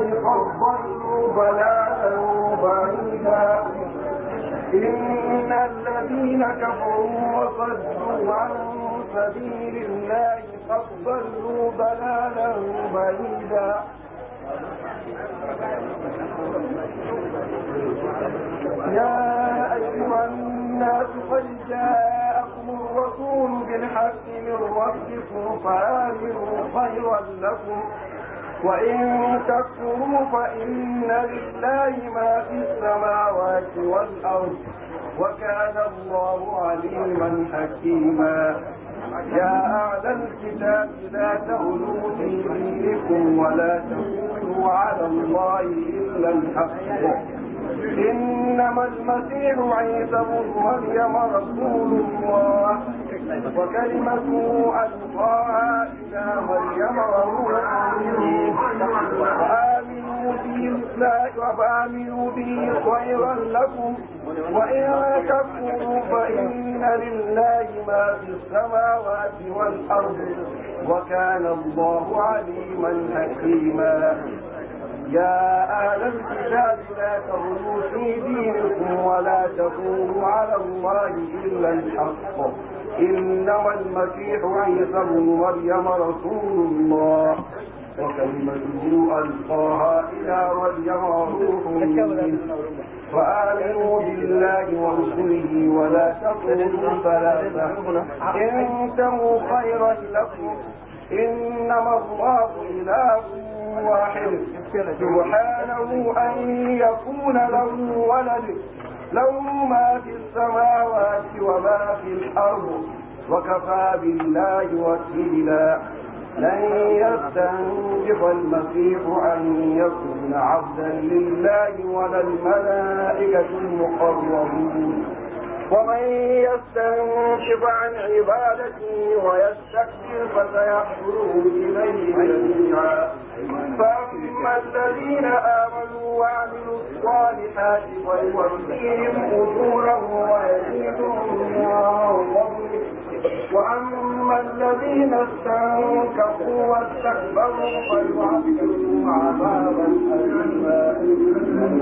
ضلوا ضلالا بعيدا إن الذين كفروا وصدوا عن سبيل الله قد ضلوا ضلالا بعيدا يا أيها الناس قد جاءكم الرسول بالحق من ربكم فآمنوا خيرا لكم وإن تكفروا فإن لله ما في السماوات والأرض وكان الله عليما حكيما يا أعلى الكتاب لا تغلوا في دينكم ولا تقولوا على الله إلا الحق إنما المسيح عيسى بن مريم رسول الله وكلمته ألقاها إلى مريم وهو وآمنوا به خيرا لكم وإن تكفروا فإن لله ما في السماوات والأرض وكان الله عليما حكيما يا أهل الكتاب لا تغلوا في دينكم ولا تقولوا على الله إلا الحق إنما المسيح عيسى بن مريم رسول الله وكلمته ألقاها إلى مريم روح فآمنوا بالله ورسله ولا تقولوا ثلاثة انتهوا خيرا لكم إنما الله إله واحد سبحانه أن يكون له ولد له ما في السماوات وما في الأرض وكفى بالله وكيلا لن يستنجف المسيح أن يكون عبدا لله ولا الملائكة المقربون ومن يستنكف عن عبادته ويستكبر فسيحشره إليه جميعا فأما الذين آمنوا وعملوا الصالحات فيوفيهم أجورهم ويزيدهم من وأما الذين استنكفوا واستكبروا فيعذبهم عذابا أليما لله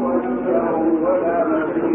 وليه ولا نصير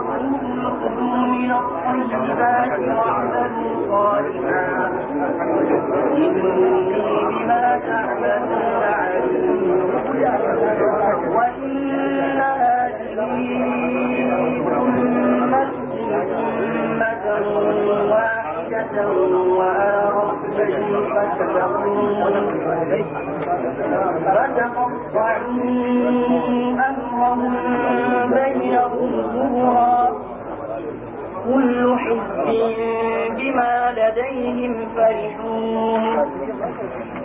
وكلوا من الطيبات واعملوا صالحا إني بما تعملون عليم وإن هذه أمتكم أمة واحدة وآخر رزقهم أمرهم بينهم ظهرا كل حزب بما لديهم فرحون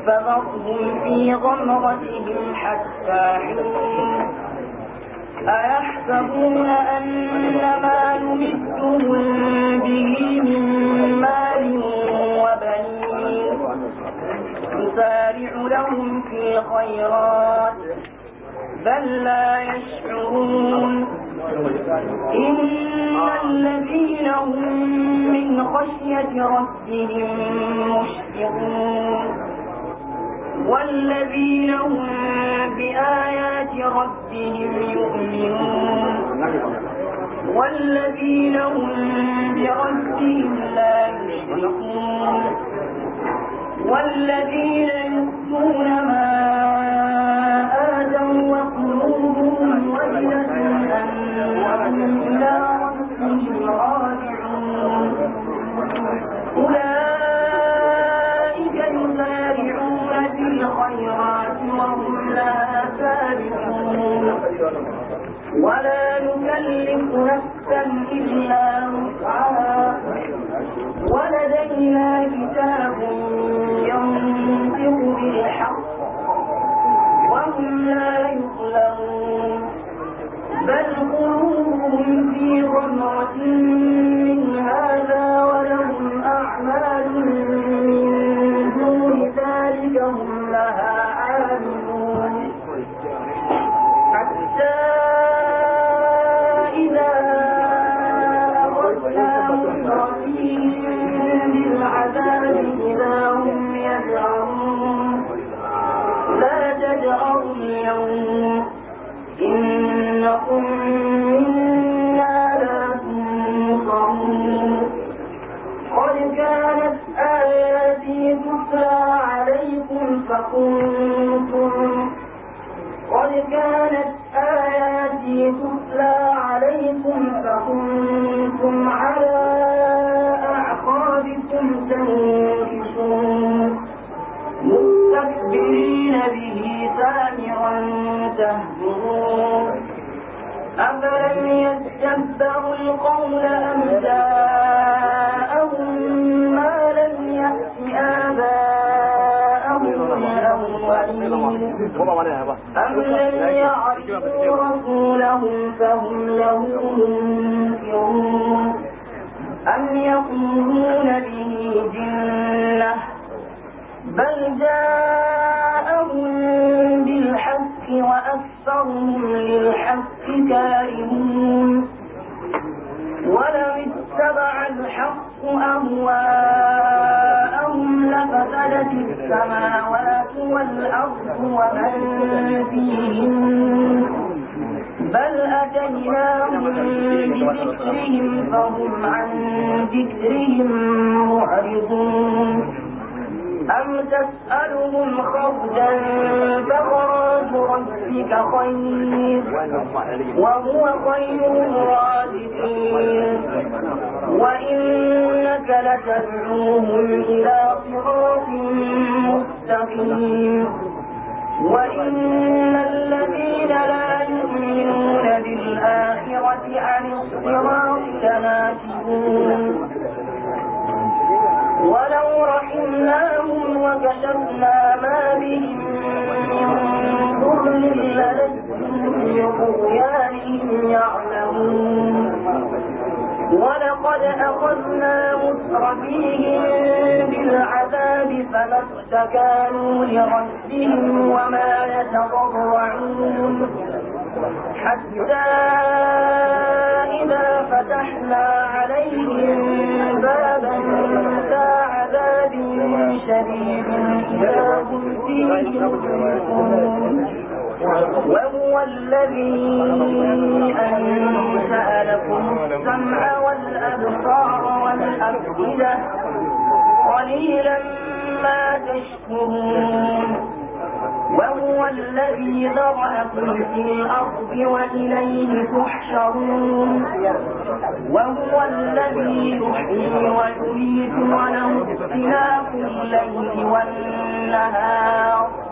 فذرهم في غمرتهم حتى حين أيحسبون أن ما نمدهم به من مال نسارع لهم في الخيرات بل لا يشعرون إن الذين هم من خشية ربهم مشفقون والذين هم بآيات ربهم يؤمنون والذين هم بربهم لا يشركون والذين يؤتون ما آتوا وقلوبهم وجلة أنهم إلى ربهم راجعون أولئك يسارعون في الخيرات وهم لا سابقون ولا نكلف نفسا إلا وسعها ولدينا كتاب بالحق وهم لا يظلمون بل أعمال من دون ذلك هم لها أَنفُسَكُمْ أم لم يعرفوا رسولهم يقولون ومن فيهن بل أتيناهم بذكرهم فهم عن ذكرهم معرضون أم تسألهم خرجا فخرج ربك خير وهو خير الرازقين وإنك لتدعوهم إلى صراط مستقيم وإن الذين لا يؤمنون بالآخرة عن الصراط لناكبون ولو رحمناهم وكشفنا ما بهم من ضر للجوا بطغيانهم يعلمون ولقد أخذنا مسرفيهم بالعذاب فما استكانوا لربهم وما يتضرعون حتى إذا فتحنا عليهم بابا ذا عذاب شديد إذا هم فيه وهو الذي أنشأ لكم السمع والأبصار والأفئدة قليلا ما تشكرون وهو الذي ذرأكم في الأرض وإليه تحشرون وهو الذي يحيي ويميت وله اختلاف الليل والنهار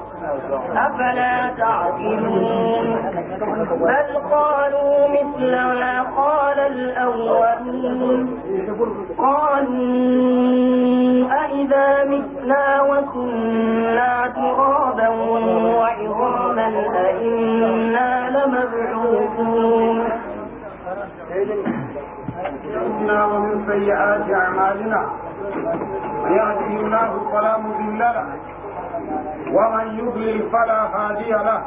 أفلا تعقلون بل قالوا مثل ما قال الأولون قالوا أئذا متنا وكنا ترابا وعظاما أئنا لمبعوثون إنا ومن سيئات أعمالنا من الله فلا مضل له ومن يضلل فلا هادي له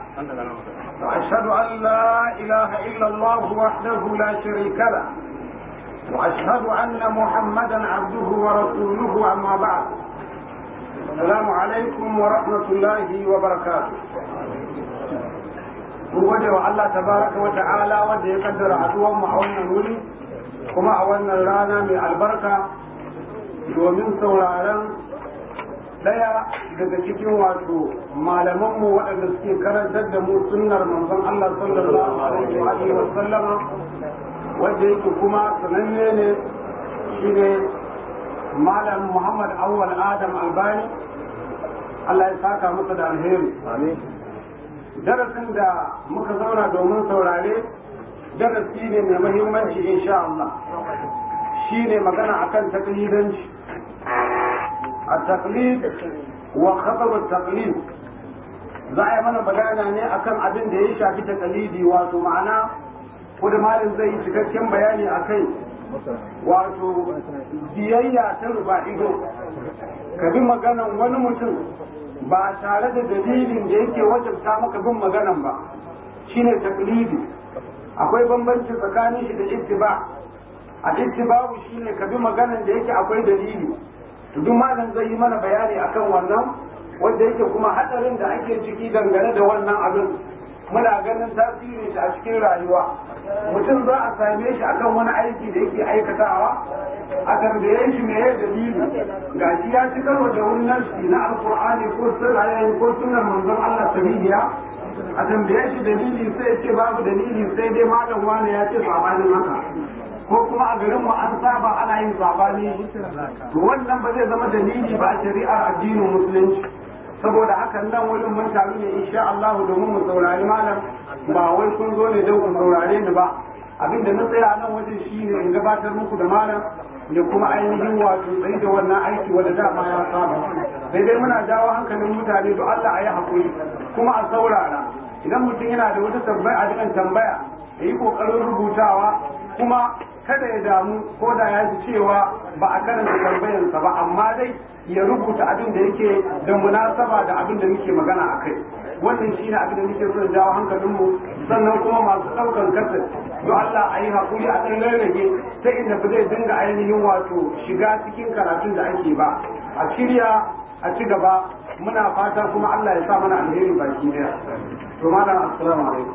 وأشهد أن لا إله إلا الله وحده لا شريك له وأشهد أن محمدا عبده ورسوله أما بعد السلام عليكم ورحمة الله وبركاته gode الله تبارك وتعالى وجه قدر wanda ya نولي haduwar mu a من البركه ومن a daya daga cikin wato malamanmu waɗanda suke karantar da mu sunnar manzon Allah sallallahu alaihi wa sallama wanda yake kuma sananne ne shine malam Muhammad Awwal Adam Albani Allah ya saka masa da alheri darasin da muka zauna domin saurare darasi ne mai muhimmanci insha Allah shine magana akan takhidanci التقليد وخطر التقليد za a yi mana bayana ne akan abin da ya shafi takalidi wato ma'ana da malin zai yi cikakken bayani a kai wato biyayya ta ruba ido ka bi maganan wani mutum ba tare da dalilin da yake wajabta maka bin maganan ba shine taklidi akwai bambanci tsakanin shi da ittiba a ittibabu shine ka bi maganan da yake akwai dalili duk malam zai yi mana bayani akan wannan wanda yake kuma hadarin da ake ciki dangane da wannan abin muna ganin tasirin shi a cikin rayuwa mutum za a same shi akan wani aiki da yake aikatawa a tambaye shi me ya dalili ga shi ya ci karo da wannan shi na alkur'ani ko sirrayen ko sunan manzon Allah sabiliya a tambaye shi dalili sai ce babu dalili sai dai malam wani ya ce sabanin haka ko kuma a garin mu an saba ana yin sabani to wannan ba zai zama dalili ba a shari'ar addinin musulunci saboda haka nan wurin mun taru ne insha Allah domin mu saurari malam ba wai kun zo ne don ku saurare ni ba abinda na tsaya nan wajen shine in gabatar muku da malam ya kuma ainihin wato sai da wannan aiki wanda dama ya saba sai dai muna jawo hankalin mutane to Allah a yi hakuri kuma a saurara idan mutum yana da wata tambaya a cikin tambaya yayi yi ƙoƙarin rubutawa kuma kada ya damu ko da ya ji cewa ba a karanta tambayansa ba amma dai ya rubuta abin da yake da munasaba da abin da muke magana a kai wannan shi ne abin da muke son jawo hankalinmu sannan kuma masu ɗaukan kasar do Allah a yi haƙuri a ɗan rarrage ta inda ba zai dinga ainihin wato shiga cikin karatun da ake ba a shirya a ci gaba muna fata kuma Allah ya sa mana alherin baki daya to malam assalamu alaikum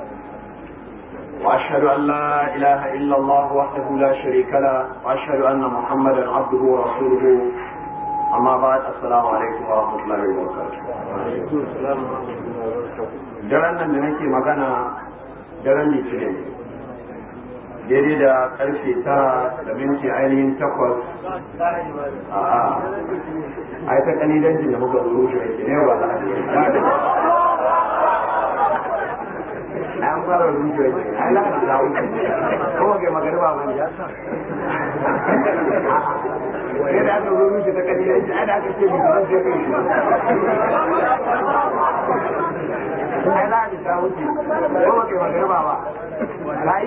وأشهد أن لا إله إلا الله وحده لا شريك له وأشهد أن محمدا عبده ورسوله أما بعد السلام عليكم ورحمة الله وبركاته nan da nake magana daren litinin daidai da karfe tara da minti ainihin takwas a a ai ta kanidanci da muka zuru shi ne ba za a na an fara rubuta shi ai la ka dawo ko ga magana ba mun ya sa sai da aka rubuta ta kadi ai da aka ce mu ai za a ji ta wuce ba kai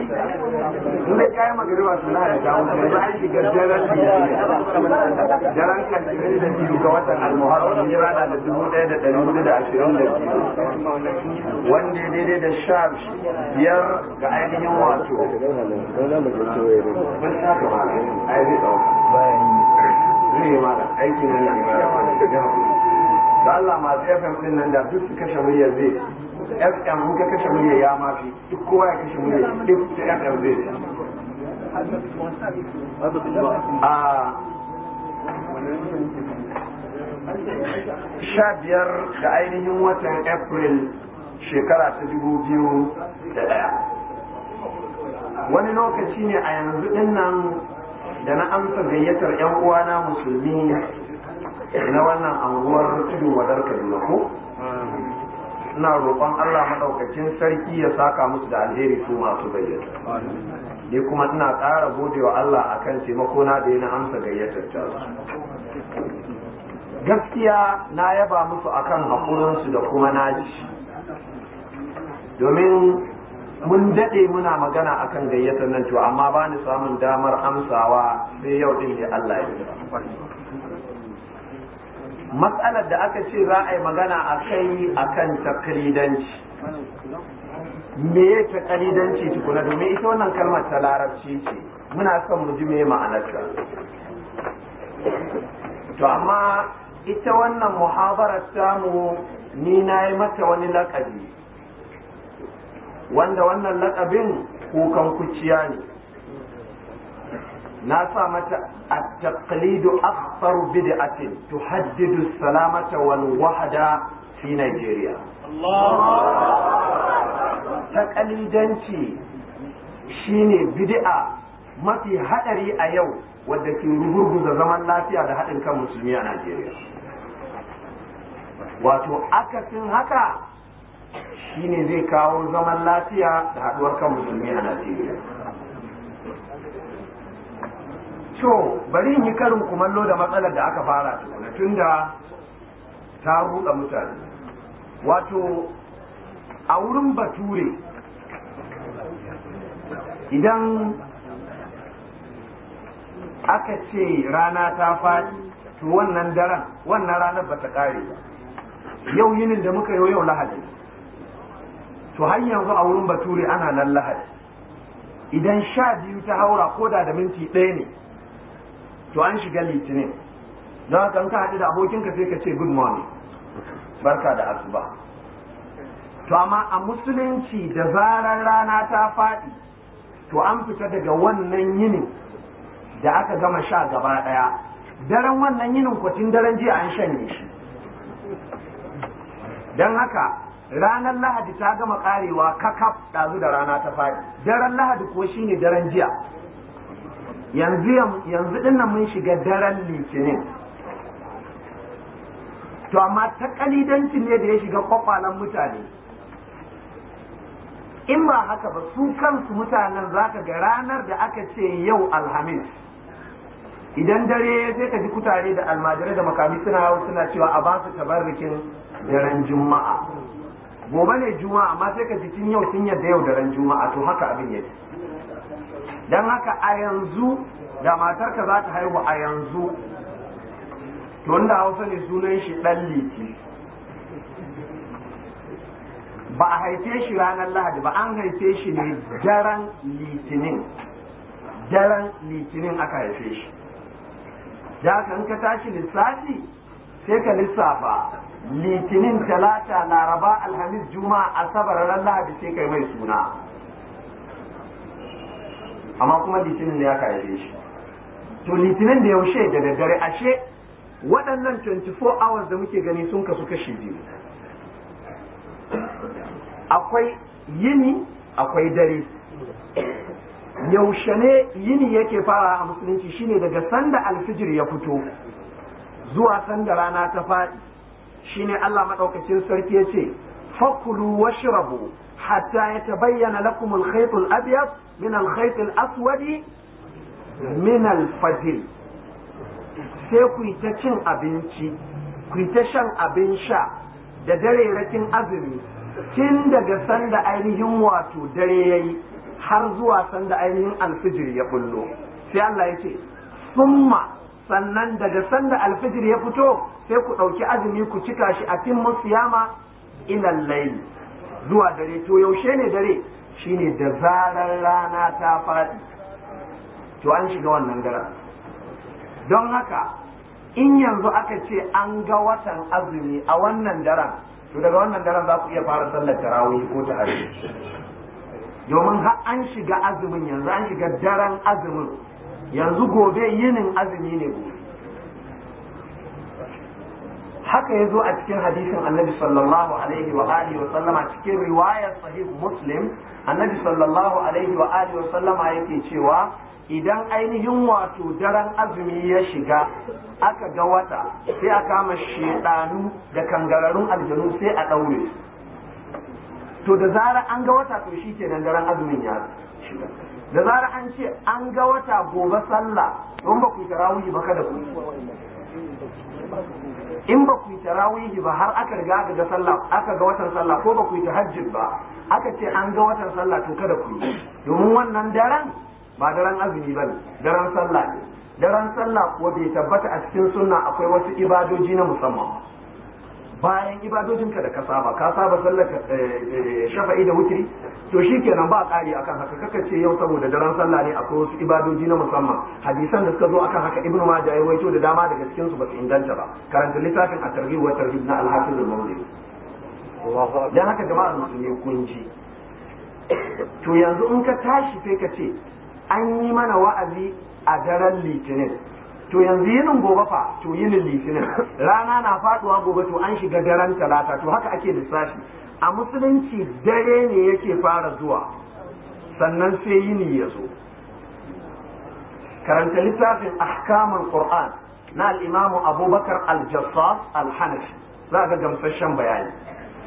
da ta wuce da biyu da dubu ɗaya da ɗari da ashirin da biyu daidai da sha biyar ga ainihin wato aikin da Allah masu FM din nan da duk su kashe muryar zai FM mun ka kashe muryar ya fi duk kowa ya kashe muryar duk ta FM zai a sha biyar ga ainihin watan april shekara ta dubu biyu da wani lokaci ne a yanzu ɗin nan da na amsa gayyatar 'yan uwana musulmi na wannan anguwar tudu wadar kaduna ko ina roƙon Allah maɗaukacin sarki ya saka musu da alheri su masu gayyata ni kuma ina ƙara godewa Allah akan taimakona da yana amsa gayyatar ta gaskiya na yaba musu akan haƙurinsu da kuma naci domin mun daɗe muna magana akan gayyatar nan to amma ba ni samun damar amsawa sai yau ɗin ne Allah ya matsalar da aka ce za a yi magana a kai a kan takalidanci me ya takalidanci tukuna domin ita wannan kalmar ta larabci ce muna son mu ji me ma'anarta to amma ita wannan muhabarar samu ni na yi mata wani lakabi wanda wannan lakabin kukan kuciya ne na sa mata at-taqlidu akhtar bid'atin tuhaddidu salamata wal wahda fi Nigeria taqalidanci shine bid'a mafi hadari a yau wadda ke rugurguza zaman lafiya da haɗin kan musulmi a Najeriya wato akasin haka shine zai kawo zaman lafiya da haɗuwar kan musulmi a Najeriya to bari in yi karin kumallo da matsalar da aka fara tukuna tunda ta ruɗa mutane wato a wurin bature idan aka ce rana ta faɗi to wannan daren wannan ranar ba ta ƙare yau yinin da muka yau yau lahadi to har yanzu a wurin bature ana nan lahadi idan sha biyu ta haura koda da minti ɗaya ne to an shiga litinin don haka in ka haɗu da abokinka sai ka ce good morning barka da asuba to amma a musulunci da zarar rana ta faɗi to an fita daga wannan yinin da aka gama sha gaba ɗaya daren wannan yinin kwatin daren jiya an shanye shi don haka ranar lahadi ta gama karewa kakaf ɗazu da rana ta faɗi daren lahadi ko shine daren jiya yanzu yanzu dinnan mun shiga daren litinin to amma ta kalidanci ne da ya shiga kwakwalan mutane in ba haka ba su kansu mutanen za ka ga ranar da aka ce yau alhamis idan dare sai ka ji kutare da almajirai da makami suna hau suna cewa a basu su tabarrikin daren juma'a gobe ne juma'a amma sai ka ji tun yau tun yadda yau daren juma'a to haka abin yake don haka a yanzu da matarka za ta haihu a yanzu to da hausa ne sunan shi dan liti ba a haife shi ranar lahadi ba an haife shi ne daren litinin daren litinin aka haife shi da kan ka tashi lissafi sai ka lissafa litinin talata laraba alhamis juma'a asabar ranar lahadi sai kai mai suna amma kuma litinin ne aka haife shi to litinin da yaushe da daddare ashe waɗannan 24 hours da muke gani sun kasu kashi biyu akwai yini akwai dare yaushe ne yini yake fara a musulunci shine daga sanda alfijir ya fito zuwa sanda rana ta faɗi shine Allah maɗaukacin sarki ya ce fakulu washrabu hatta ya ta bayyana khayt al-abyad min al-khayt al-aswad sai ku yi ta cin abinci ku yi ta shan abin sha da dare rakin azumi tun daga sanda ainihin wato dare yayi har zuwa sanda ainihin alfijir ya bullo sai Allah ya ce summa sannan daga sanda alfijir ya fito sai ku ɗauki azumi ku cika shi a cin musiyama ilal layli zuwa dare to yaushe ne dare shine da zarar rana ta faɗi to an shiga wannan daren don haka in yanzu aka ce an ga watan azumi a wannan daren to daga wannan daren za ku iya fara sallar tarawih ko ta domin har an shiga azumin yanzu an shiga daren azumin yanzu gobe yinin azumi ne gobe haka ya zo a cikin hadisin annabi sallallahu alaihi wa alihi wa sallama cikin riwayar sahih muslim annabi sallallahu alaihi wa alihi wa sallama yake cewa idan ainihin wato daren azumi ya shiga aka ga wata sai a kama shedanu da kangararun aljanu sai a daure to da zara an ga wata to shi ke daren azumin ya shiga da zara an ce an ga wata gobe sallah don ba ku tarawih ba kada ku in ba ku yi tarawihi ba har aka riga aka ga sallah aka ga watan sallah ko ba ku yi tahajjud ba aka ce an ga watan sallah to kada ku yi domin wannan daren ba daren azumi ba ne daren sallah daren sallah ko bai tabbata a cikin sunna akwai wasu ibadoji na musamman bayan ibadojinka da ka saba ka saba sallar eh, eh, shafa'i da wutri to shikenan ba ƙari akan haka kaka ce yau saboda daren sallah ne akwai wasu ibadoji na musamman hadisan da suka zo akan haka ibnu majah ya waito da dama daga cikin su ba su inganta ba karanta littafin at-targhib wa tarhib na al-hafiz al-mawdi dan haka jama'ar musulmi kun ji to yanzu in ka tashi sai ka ce an yi mana wa'azi a daren litinin to yanzu yinin gobe fa to yinin litinin rana na faduwa gobe to an shiga daren talata to haka ake lissafi a musulunci dare ne yake fara zuwa sannan sai yini ya zo karanta littafin ahkaman qur'an na al abubakar al-jassas al-hanafi za ga gamsashen bayani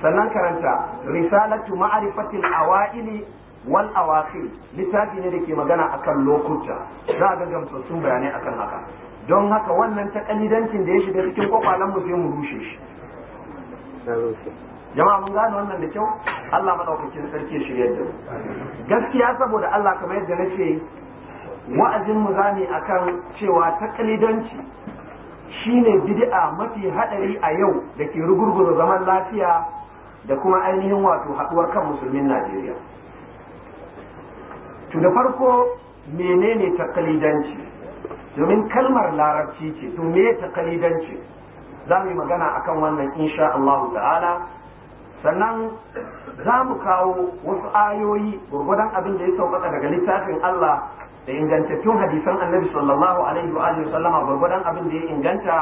sannan karanta risalatu ma'arifatin awaili wal awakhir littafi ne da ke magana akan lokuta za ga gamsassun bayanai akan haka don haka wannan ta kalidancin da ya shiga cikin kwakwalen mu sai mu rushe shi jama'a mun gane wannan da kyau Allah madaukakin sarki ya shirya da gaskiya saboda Allah kamar yadda na ce wa'azin mu zani akan cewa ta kalidanci shine bid'a mafi hadari a yau da ke rugurgura zaman lafiya da kuma ainihin wato haduwar kan musulmin Najeriya to da farko menene takalidanci domin kalmar larabci ce to me ta kalidanci za mu yi magana akan wannan insha Allah ta'ala sannan za mu kawo wasu ayoyi gurgudan abin da ya sauƙaƙa daga littafin Allah da ingantattun hadisan annabi sallallahu alaihi wa alihi sallama gurgudan abin da ya inganta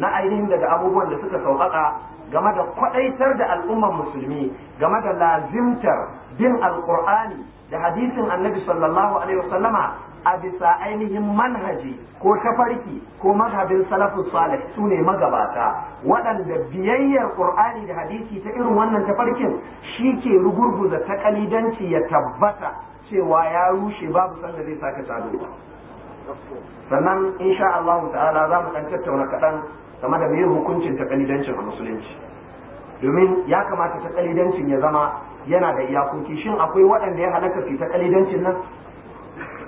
na ainihin daga abubuwan da suka sauƙaƙa game da kwaɗaitar da al'ummar musulmi game da lazimtar bin alƙur'ani da hadisin annabi sallallahu alaihi wasallama a bisa ainihin manhaji ko tafarki ko mazhabin salafus salih su ne magabata waɗanda biyayyar qur'ani da hadisi ta irin wannan tafarkin shi ke rugurguza ta kalidanci ya tabbata cewa ya rushe babu sanda zai sake sadu sannan in insha Allah ta'ala za mu ɗan tattauna kaɗan game da meye hukuncin takalidancin a musulunci domin ya kamata takalidancin ya zama yana da iyakoki shin akwai waɗanda ya halatta su takalidancin nan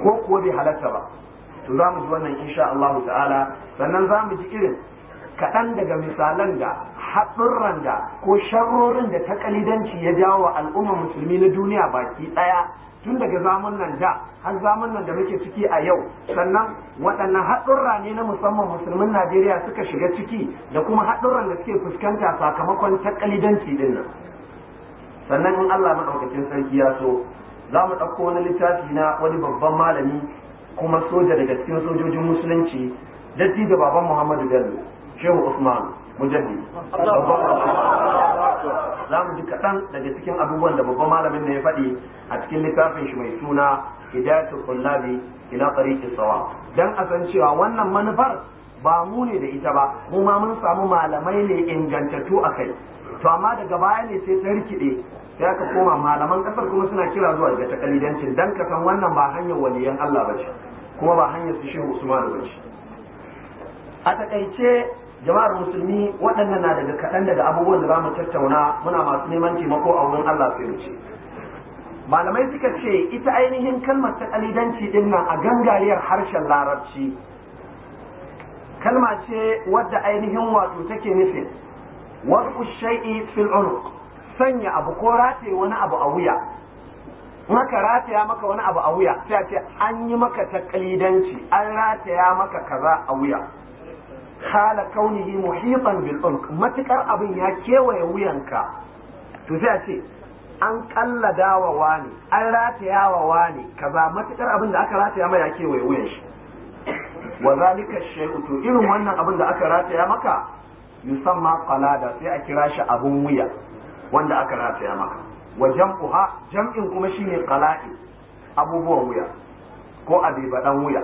ko kuwa bai halarta ba to za mu ji wannan insha Allah ta'ala sannan za mu ji irin kaɗan daga misalan da haɗurran da ko sharrorin da ta kalidanci ya jawo wa al'ummar musulmi na duniya baki ɗaya tun daga zamun nan da har zamun nan da muke ciki a yau sannan waɗannan haɗurra ne na musamman musulmin najeriya suka shiga ciki da kuma haɗurran da suke fuskanta sakamakon ta kalidanci ɗin nan sannan in allah maɗaukacin sarki ya so za mu ɗauko wani littafi na wani babban malami kuma soja daga cikin sojojin musulunci datti da baban muhammadu bello shehu usman mujaddi za mu ji kaɗan daga cikin abubuwan da babban malamin da ya faɗi a cikin littafin shi mai suna hidayatu kullabi ila tariqis sawa dan a san cewa wannan manufar ba mu ne da ita ba mu ma mun samu malamai ne ingantattu a kai to amma daga baya ne sai ta rikide Ya ka koma malaman kasar kuma suna kira zuwa ga takalidancin dan ka san wannan ba hanyar waliyan Allah ba ce kuma ba hanyar su shehu Usman ba ce a takaice jama'ar musulmi waɗannan na daga kaɗan daga abubuwan da za mu tattauna muna masu neman taimako a wurin Allah sai wuce malamai suka ce ita ainihin kalmar takalidanci kalidanci din nan a gangariyar harshen larabci kalma ce wadda ainihin wato take nufin wasu shai'i fil unuq sanya abu ko rataye wani abu a wuya maka rataya maka wani abu a wuya sai a ce an yi maka taqlidanci an rataya maka kaza a wuya hala kaunihi muhitan bil ulq matukar abin ya kewaye wuyanka to sai a ce an kallada wa wani an rataya wa wani kaza matukar abin da aka rataya mai ya kewaye wuyan shi wa zalika shay'u to irin wannan abin da aka rataya maka yusamma qalada sai a kira shi abun wuya wanda aka rataya maka wa jam'uha jam'in kuma shine qala'i abubuwan wuya ko abibadan wuya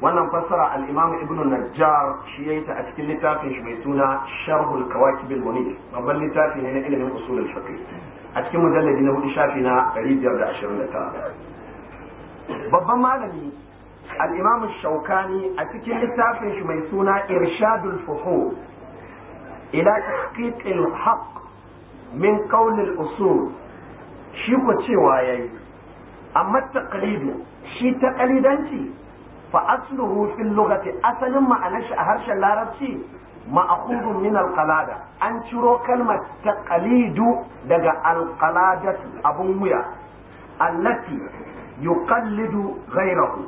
wannan fassara al-Imam Ibn Najjar shi yayi ta a cikin littafin shi mai suna Sharh al-Kawakib al-Munir babban littafi ne na ilimin usul al-fiqh a cikin mujalladi na hudu shafi na 529 babban malami al-Imam ne a cikin littafin shi mai suna Irshadul Fuhul ila tahqiq al-haqq min qaulil usul shi ko cewa yayi amma taqlidu shi takalidanci fa asluhu fil lughati asalin ma'anar shi a harshen larabci ma'khudun min alqalada an ciro kalmar taqlidu daga alqaladatu abun wuya allati yuqallidu ghayrahu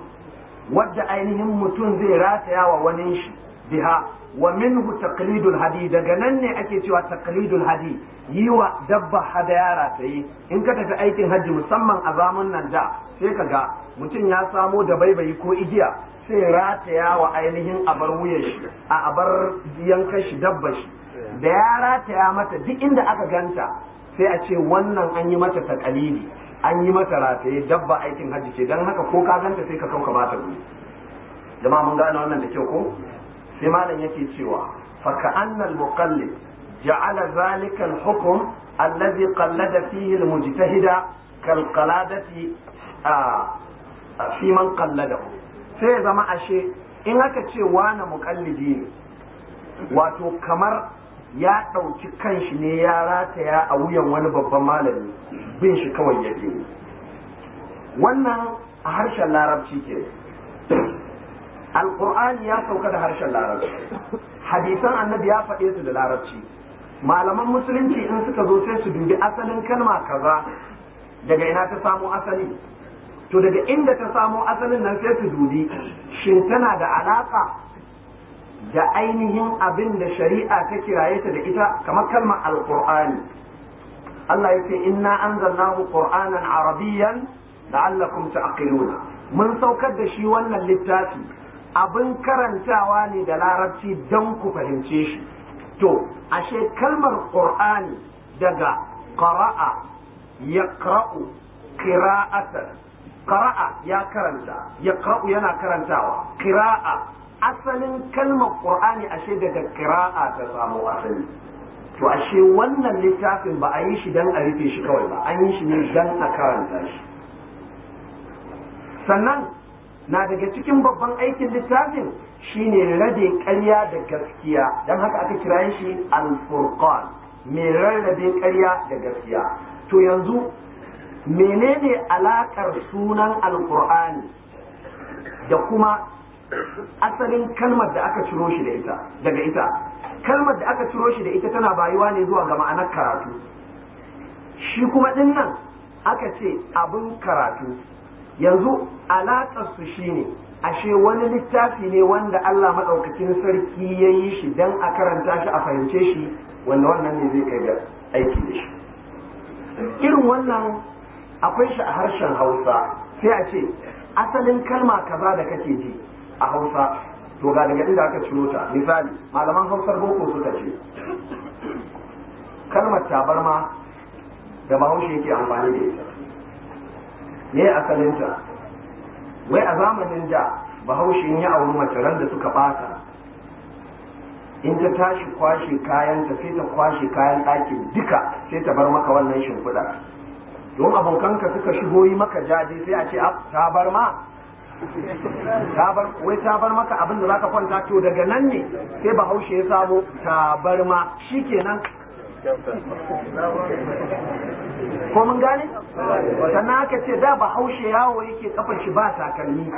wadda ainihin mutum zai rataya wa wani shi biha wa minhu taqlidul hadi daga nan ne ake cewa taqlidul hadi yi wa dabba hadayara ta in ka tafi aikin hajji musamman a zamun nan da sai ka ga mutum ya samo da baibayi ko igiya sai rataya wa ainihin abar wuyan shi a abar yanka shi dabba shi da ya rataya mata duk inda aka ganta sai a ce wannan an yi mata takalili an yi mata rataye dabba aikin hajji ce don haka ko ka ganta sai ka kauka ba ta jama'a mun gane wannan da kyau ko sai malam yake cewa faka annal muqallid ja'ala zalika al-hukm alladhi qallada fihi al-mujtahida kal qaladati fi man qalladahu sai zama ashe in aka ce wani muqallidi ne wato kamar ya ɗauki kanshi ne ya rataya a wuyan wani babban malami bin shi kawai yake wannan a harshen larabci ke alqur'ani ya sauka da harshen larabci hadisan annabi ya faɗe su da larabci malaman musulunci in suka zo sai su dubi asalin kalma kaza daga ina ta samo asali to daga inda ta samo asalin nan sai su dubi shin tana da alaka da ainihin abin da shari'a ta kiraye ta da ita kamar kalmar alqur'ani Allah yake inna anzalnahu qur'anan arabiyyan la'allakum ta'qiluna mun saukar da shi wannan littafi abin karantawa ne da larabci don ku fahimce shi to ashe kalmar qur'ani daga qara'a yaqra'u qira'atan qara'a ya karanta yaqra'u yana karantawa qira'a asalin kalmar qur'ani ashe daga qira'a ta samu asali to ashe wannan littafin ba a yi shi dan a rufe shi kawai ba an yi shi ne dan a karanta shi sannan na daga cikin babban aikin littafin shine rabe karya da gaskiya don haka aka kira shi al-furqan mai rarrabe karya da gaskiya to yanzu menene alakar sunan alkur'ani da kuma asalin kalmar da aka ciro shi daga ita kalmar da aka ciro shi da ita tana bayuwa ne zuwa ga ma'anar karatu shi kuma din nan aka ce abin karatu yanzu shi ne, ashe wani littafi ne wanda Allah maɗaukacin sarki ya yi shi don a karanta shi a fahimce shi wanda wannan ne zai kai ga aiki da shi irin wannan akwai shi a harshen hausa sai a ce asalin kalma kaza da kake ji a hausa to ga daga inda aka ciro ta misali malaman hausar boko suka ce kalmar tabarma da bahaushe yake amfani da ita me asalinta wai a zamanin da bahaushe ya auri mace ran da suka fata in ta tashi kwashe kayan ta sai ta kwashe kayan ɗakin duka sai ta bar maka wannan shimfiɗa don abokanka suka shigo yi maka jaje sai a ce ta bar ma wai ta bar maka abin da zaka kwanta to daga nan ne sai bahaushe ya samu ta bar ma kenan ko mun gane sannan aka ce da ba haushe yawo yake kafa shi ba takalmi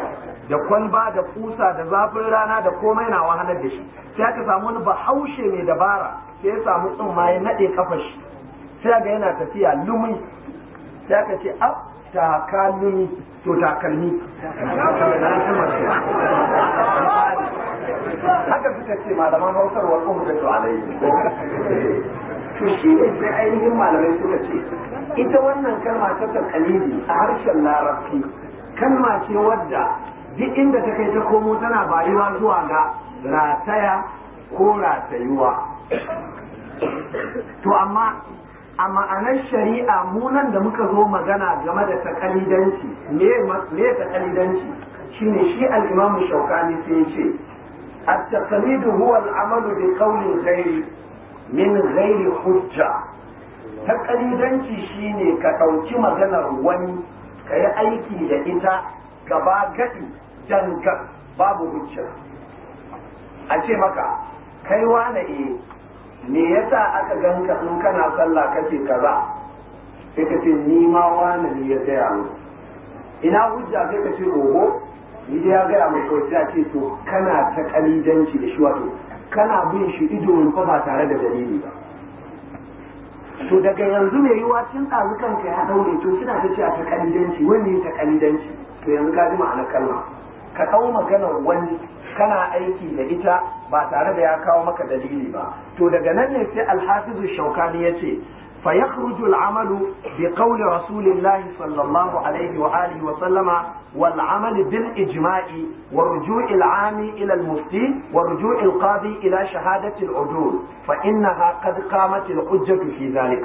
da kwalba da kusa da zafin rana da komai na wahalar da shi sai aka samu wani ba haushe mai dabara sai ya samu tsumma ya nade kafa shi sai ga yana tafiya lumi sai aka ce a takalmi to takalmi haka suka ce malaman hausar wa kuma da su alaihi to shi ne sai ainihin malamai suka ce ita wannan kalma ta takalidi a harshen larabci kalma ce wadda duk inda ta kai ta komo tana bayuwa zuwa ga rataya ko ratayuwa to amma a ma'anar shari'a munan da muka zo magana game da takalidanci me takalidanci shine shi al'imamu imamu shaukani sai ce a takalidu huwa al'amalu bi qawlin min ghairi hujja ta kalidanci shine ka ɗauki maganar wani ka yi aiki da ita gaba gaɗi dangan babu hujja a ce maka kai wane e me yasa aka ganka in kana sallah kace kaza sai ka ce ni ma wane ne ya gaya mu ina hujja sai ka ce oho ni ya gaya mu to sai ce to kana ta kalidanci da shi wato kana bin shi ido fa ba tare da dalili ba to daga yanzu mai yiwa cin tsazu kanka ya daure to suna ta ce a takalidanci wani ta takalidanci to yanzu ka ji ma'anar kalma ka kawo maganar wani kana aiki da ita ba tare da ya kawo maka dalili ba to daga nan ne sai alhafizu shaukani ya ce فيخرج bi qawli rasulillahi sallallahu alaihi wa alihi wa sallama Wal'amali والعمل بالإجماع ورجوع العام إلى المفتي ورجوع القاضي إلى شهادة العدول فإنها قد قامت الحجة في ذلك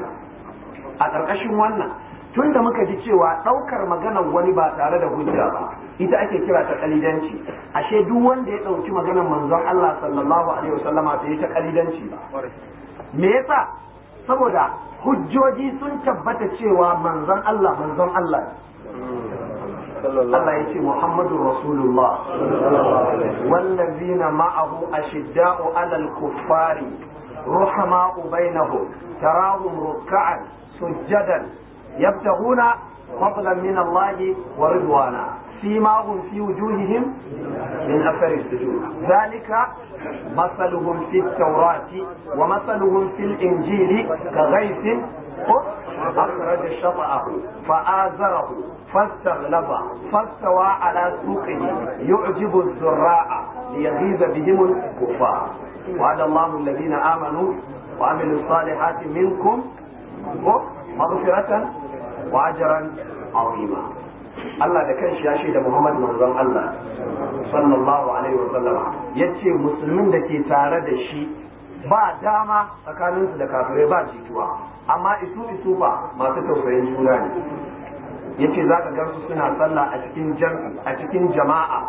أتركشم وانا wannan, tunda muka ji cewa ɗaukar maganar wani ba tare da hujja ba ita ake kira ta kalidanci ashe duk wanda ya ɗauki maganar manzon Allah sallallahu alaihi wasallama bai ta kalidanci ba me yasa saboda hujjoji sun tabbata cewa manzon Allah manzon Allah Allah ya ce Muhammadun Rasulullah wallazina ma'ahu ashidda'u alal kuffari ruhama'u bainahum tarahum ruk'an sujjadan yabtahuna fadlan min Allah wa ridwana فيما هم في وجوههم من أثر السجود ذلك مثلهم في التوراة ومثلهم في الإنجيل كغيث أخرج شطأه فآزره فاستغلظ فاستوى على سوقه يعجب الزراء ليغيظ بهم الكفار وعد الله الذين آمنوا وعملوا الصالحات منكم مغفرة وأجرا عظيما Allah da kanshi ya da Muhammad manzon Allah sallallahu alaihi wa sallama yace musulmin da ke tare da shi ba dama tsakaninsu da kafirai ba jituwa amma isu isu ba masu tausayin juna ne yace zaka ga su suna sallah a cikin jama'a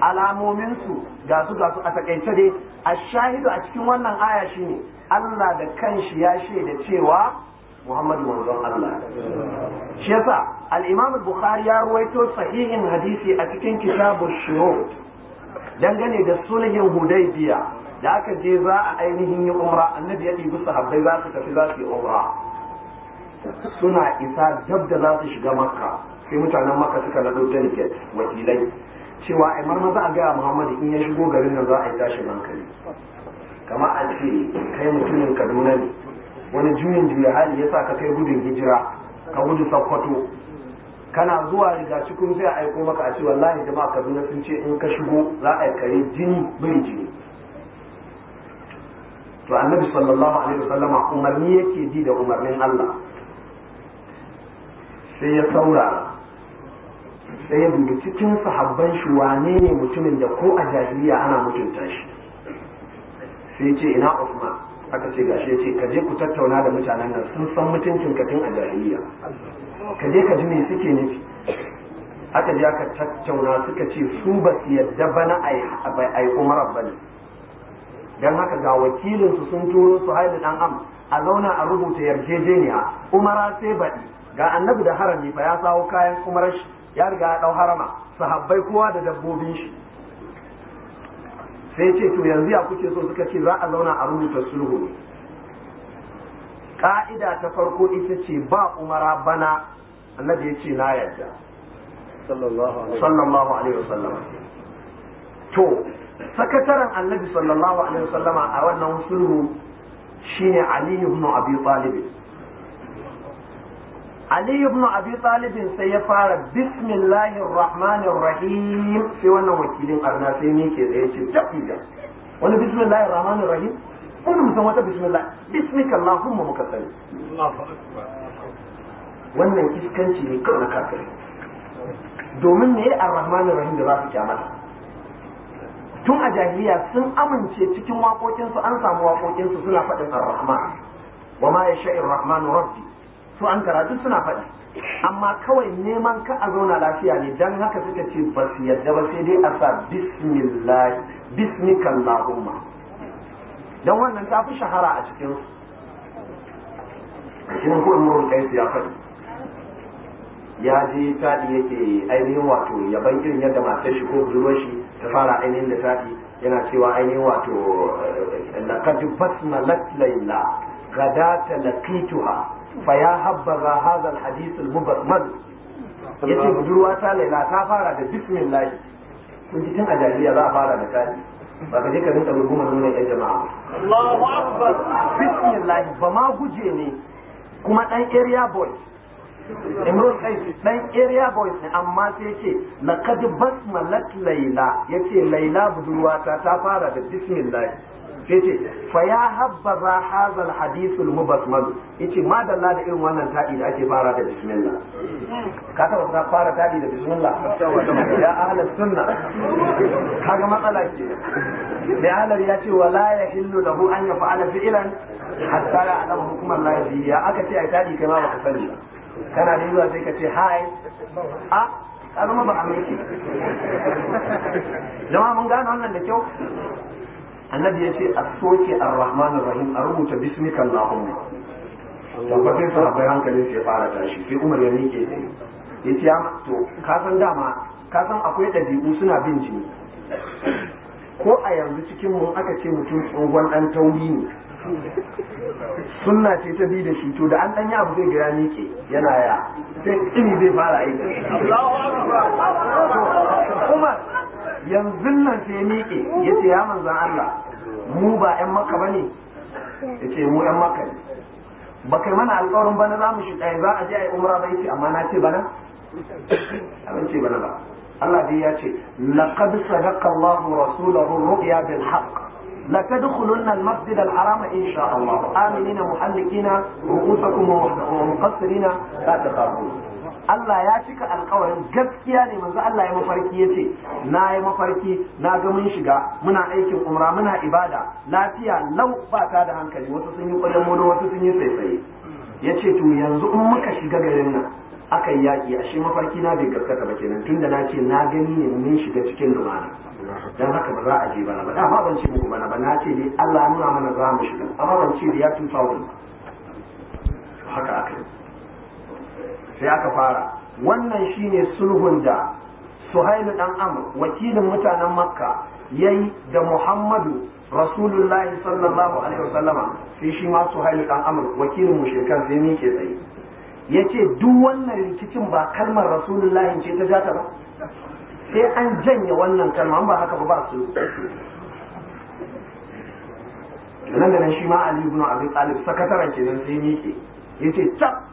alamominsu ga su ga su a takaice dai a shahidu a cikin wannan aya shine Allah da kanshi ya shaida cewa Muhammad manzon Allah shi yasa al-Imam bukhari ya ruwaito sahihin hadisi a cikin kitabun Shiro. dangane da sulhin Hudaybiya da aka je za a ainihin yi umra annabi ya ɗibi sahabbai za su tafi za su yi umra suna isa dab da za su shiga makka sai mutanen makka suka nado delegate wakilai cewa ai maza a gaya Muhammadu in ya shigo garin nan za a yi tashin hankali kamar a ce kai mutumin Kaduna ne wani juyin juya hali ya sa ka kai gudun hijira ka gudu sakkwato kana zuwa riga cikin sai a aiko maka a ce wallahi jama'a kaduna sun ce in ka shigo za a kare jini bai jini to annabi sallallahu alaihi wasallama umarni yake ji da umarnin Allah sai ya saura sai ya dubi cikin sahabban shi wane ne mutumin da ko a jahiliya ana mutunta shi sai ce ina Usman aka ce gashi yace, ce ka je ku tattauna da mutanen nan sun san mutuncin ka tun a jahiliya ka je ka ji me suke nufi aka je aka tattauna suka ce su ba su yadda bana ai ai umar bane don haka ga wakilinsu sun turo su haidu dan am a zauna a rubuta yarjejeniya umara sai baɗi ga annabi da harami fa ya sawo kayan umarar shi ya riga ya ɗau harama sahabbai kowa da dabbobin shi sai ce to yanzu ya kuke so suka ce za a zauna a rubuta sulhu ka'ida ta farko ita ce ba umara bana annabi ya ce na yadda. sallallahu alaihi wasallam to sakataren annabi sallallahu alaihi wasallama a wannan sulhu shine ali ibn abi talib Ali ibn Abi Talib sai ya fara bismillahir rahmanir rahim sai wannan wakilin arna sai ni ke tsaye ce tafiya wani bismillahir rahmanir rahim wani mutum wata bismillah bismika allahumma muka sani wannan iskanci ne kan na domin ne ar-rahmanir rahim da za su kyamata tun a jahiliya sun amince cikin waƙoƙinsu an samu waƙoƙinsu suna faɗin ar-rahman wa ma yasha'ir rahmanu rabbi su an karatu suna faɗi amma kawai neman ka a zauna lafiya ne dan haka suka ce ba su yadda ba sai dai a sa bismillah bismikallahumma dan wannan ta fi shahara a cikin su kin ko imrul qais ya faɗi ya je tadi yake ainihin wato ban irin yadda matar shi ko budurwar shi ta fara ainihin da tadi yana cewa ainihin wato laqad basmalat layla غداة لقيتها fa ya habbaza hadisul alhadith Ya ce budurwa ta laila ta fara da bismillah kun ji tun a jariya za a fara da kari ba ka je ka rinka rubuma nuna yan jama'a Allahu akbar bismillah ba ma guje ne kuma dan area boy Imrul sai dan area boy ne amma sai ce laqad basmalat Laila yace Laila budurwa ta ta fara da bismillah sai ce fa ya habbaza hazal hadithul mubasmal yace ma dalla da irin wannan tadi da ake fara da bismillah ka taba ka fara tadi da bismillah ya ahlus sunna kaga matsala ke da ahlar ya ce wala yahillu lahu an yaf'ala fi'lan hatta ya'lamu hukman la ya aka ce ai tadi kai ma baka sani kana da zuwa sai ka ce hai. a ka zama ba aminci jama'a mun gane wannan da kyau annabi ya ce a soke ar-rahman rahim a rubuta bismika allahumma tabbatin bai hankalin sai fara tashi sai umar ya miƙe tsaye ya ce to ka dama kasan akwai ɗabi'u suna bin jini ko a yanzu cikin mu aka ce mutum tsohon ɗan tauri ne sunna ce ta bi da shi to da an ɗan abu zai gira miƙe yana ya sai ini zai fara aiki yanzu nan sai miƙe ya ce ya manzan Allah mu ba 'yan maka ba ne ya ce mu 'yan maka ne ba kai mana alƙawarin bana za mu shi ɗaya za a je a yi umra ba ce amma na ce bana abin ce bana ba Allah dai ya ce laqad sadaqa Allahu rasulahu ru'ya bil haqq لتدخلن المسجد الحرام إن شاء الله آمنين محلقين رؤوسكم ومقصرين لا تخافون Allah ya cika alkawarin gaskiya ne manzo Allah ya mafarki yace na yi mafarki na ga mun shiga muna aikin umra muna ibada lafiya lau ba ta da hankali wasu sun yi kudin da wasu sun yi tsaitsaye yace to yanzu in muka shiga garin nan aka yi yaƙi ashe mafarki na bai gaskata ba kenan tunda na ce na gani ne mun shiga cikin lumana dan haka ba za a je bana ba ba ban ce muku bana ba na ce dai Allah ya nuna mana za mu shiga amma ban ce da ya tufa haka aka yi sai aka fara wannan shine sulhun da suhailu dan amr wakilin mutanen makka yayi da muhammadu rasulullahi sallallahu alaihi wasallama sai shi ma suhailu dan amr wakilin mushrikan sai ke tsaye yace duk wannan rikicin ba kalmar rasulullahi ce ta jata ba sai an janye wannan kalma ba haka ba su nan da nan shi ma ali ibn abi talib sakataren kenan sai mike yace tab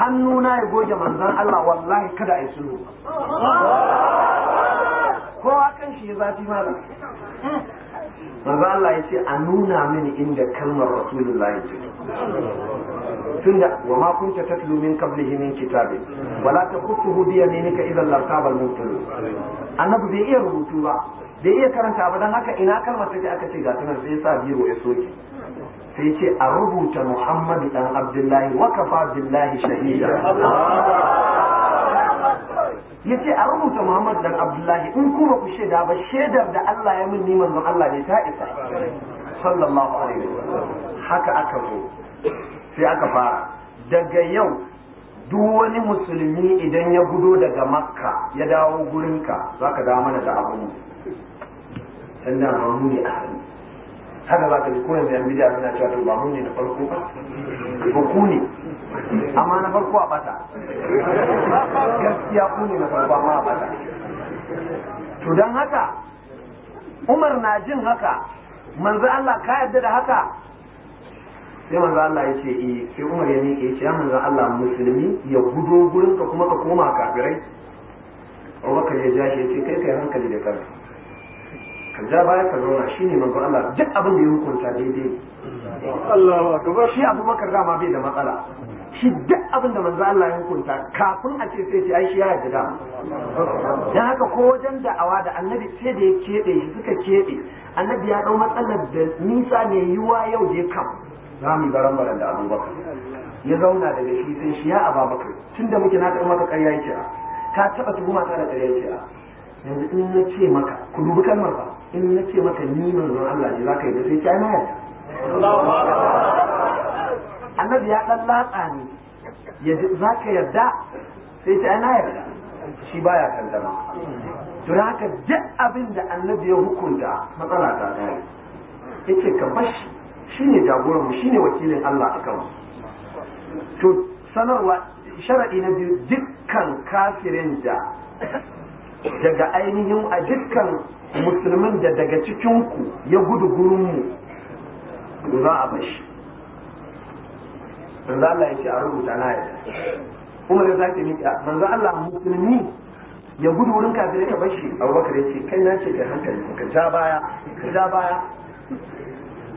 hannuna ya goge manzan Allah wallahi kada a yi ko a kan shi zafi mana manzan Allah ya ce a nuna mini inda kalmar rasulullahi ce tunda wa ma ta tatlu min qablihi min kitabi wala taqutuhu bi yaminika idan lartaba al-mubtilun annabi bai iya rubutu ba bai iya karanta ba dan haka ina kalmar take aka ce ga tunan sai sa biro ya soke sai ce a rubuta muhammadu dan abdullahi wa billahi shahida ya ce a rubuta muhammadu dan abdullahi in kuma ku shaida ba shaidar da Allah ya min niman don Allah ne ta isa sallallahu alaihi haka aka zo sai aka fara daga yau duk wani musulmi idan ya gudo daga makka ya dawo gurinka za ka dawo mana da abun. sannan ramu ne a hannu haka za ka ji da yan bidiya suna cewa to ba mun ne na farko ba ba ku ne amma na farko a bata gaskiya ku ne na farko amma a bata to don haka umar na jin haka manzo Allah ka yadda da haka sai manzo Allah ya ce eh sai umar ya ne ya ce ya manzo Allah musulmi ya gudo gurin ka kuma ka koma kafirai Abubakar ya ja shi ya ce kai kai hankali da kanka ka ja baya ka zauna ne manzo Allah duk abin da ya hukunta daidai Allahu akbar shi Abubakar ma bai da matsala shi duk abin da manzo Allah ya hukunta kafin a ce sai ce ai shi ya yarda da dan haka ko wajen da'awa da annabi sai da ya kebe shi suka kebe annabi ya dau matsalar da nisa ne yiwa yau je kam zamu garan baran da Abubakar ya zauna daga shi sai shi ya Bakar tunda muke na ta maka ƙarya yake ka taba tuhuma ta da ƙarya yake yanzu in na ce maka ku dubi kalmar ba in na ce maka ni manzon Allah ne za ka yi da sai ce ai ma annabi ya dan latsa ne ya ka yarda sai ta ai na yarda shi baya kallama to haka duk abin da annabi ya hukunta matsala ta kai yake ka bashi shine jagoran mu shine wakilin Allah a mu to sanarwa shara'i na biyu dukkan kafirin da daga ainihin a dukkan musulmin da daga cikinku ya gudu gurinmu to za a bashi manzo Allah ya ce a rubuta na ya kuma zaki sake ka manzo Allah musulmi ya gudu wurin kafirai ka bashi Abubakar ya ce kai na ce ka hankali ka ja baya ka ja baya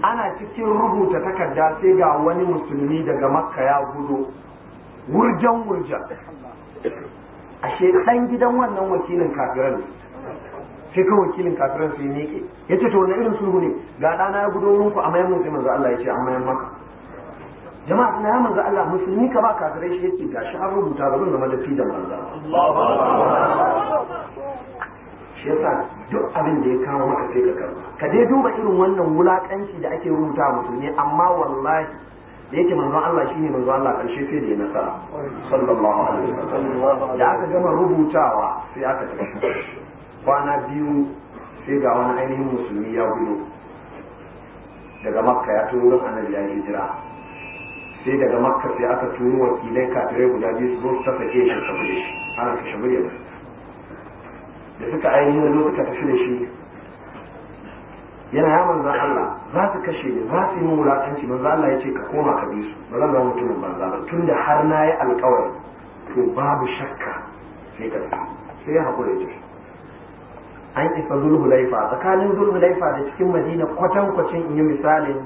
ana cikin rubuta takarda sai ga wani musulmi daga makka ya gudu wurjan wurja ashe dan gidan wannan wakilin kafiran sai kawai wakilin kafiran su miƙe ya ce to wani irin sulhu ne ga ɗana ya gudo wurin ku a mayan sai manzo Allah ya ce a mayan maka jama'a suna ya manzo Allah musulmi ka ba kafirai shi yake ga shi an rubuta rabin da madafi da manzo shi yasa duk abin da ya kawo maka sai ka karba ka dai duba irin wannan wulakanci da ake rubuta musulmi amma wallahi da yake manzo Allah shine manzo Allah karshe sai da ya nasara sallallahu alaihi wasallam da aka gama rubutawa sai aka tafi kwana biyu sai ga wani ainihin musulmi ya gudu daga makka ya turo wurin annabi ya hijira sai daga makka sai aka turo wakilai kafirai guda biyu su zo su tafa ke shi tafi da shi ana kashe murya da suka ainihin zo suka tafi da shi yana ya manzo Allah za su kashe ni za su yi min wulakanci manzo Allah ya ce ka koma ka bi su ba zan zama mutumin banza ba da har na yi alkawari to babu shakka sai ka sai ya haƙura ya ce an isa laifa tsakanin laifa da cikin madina kwacin in yi misalin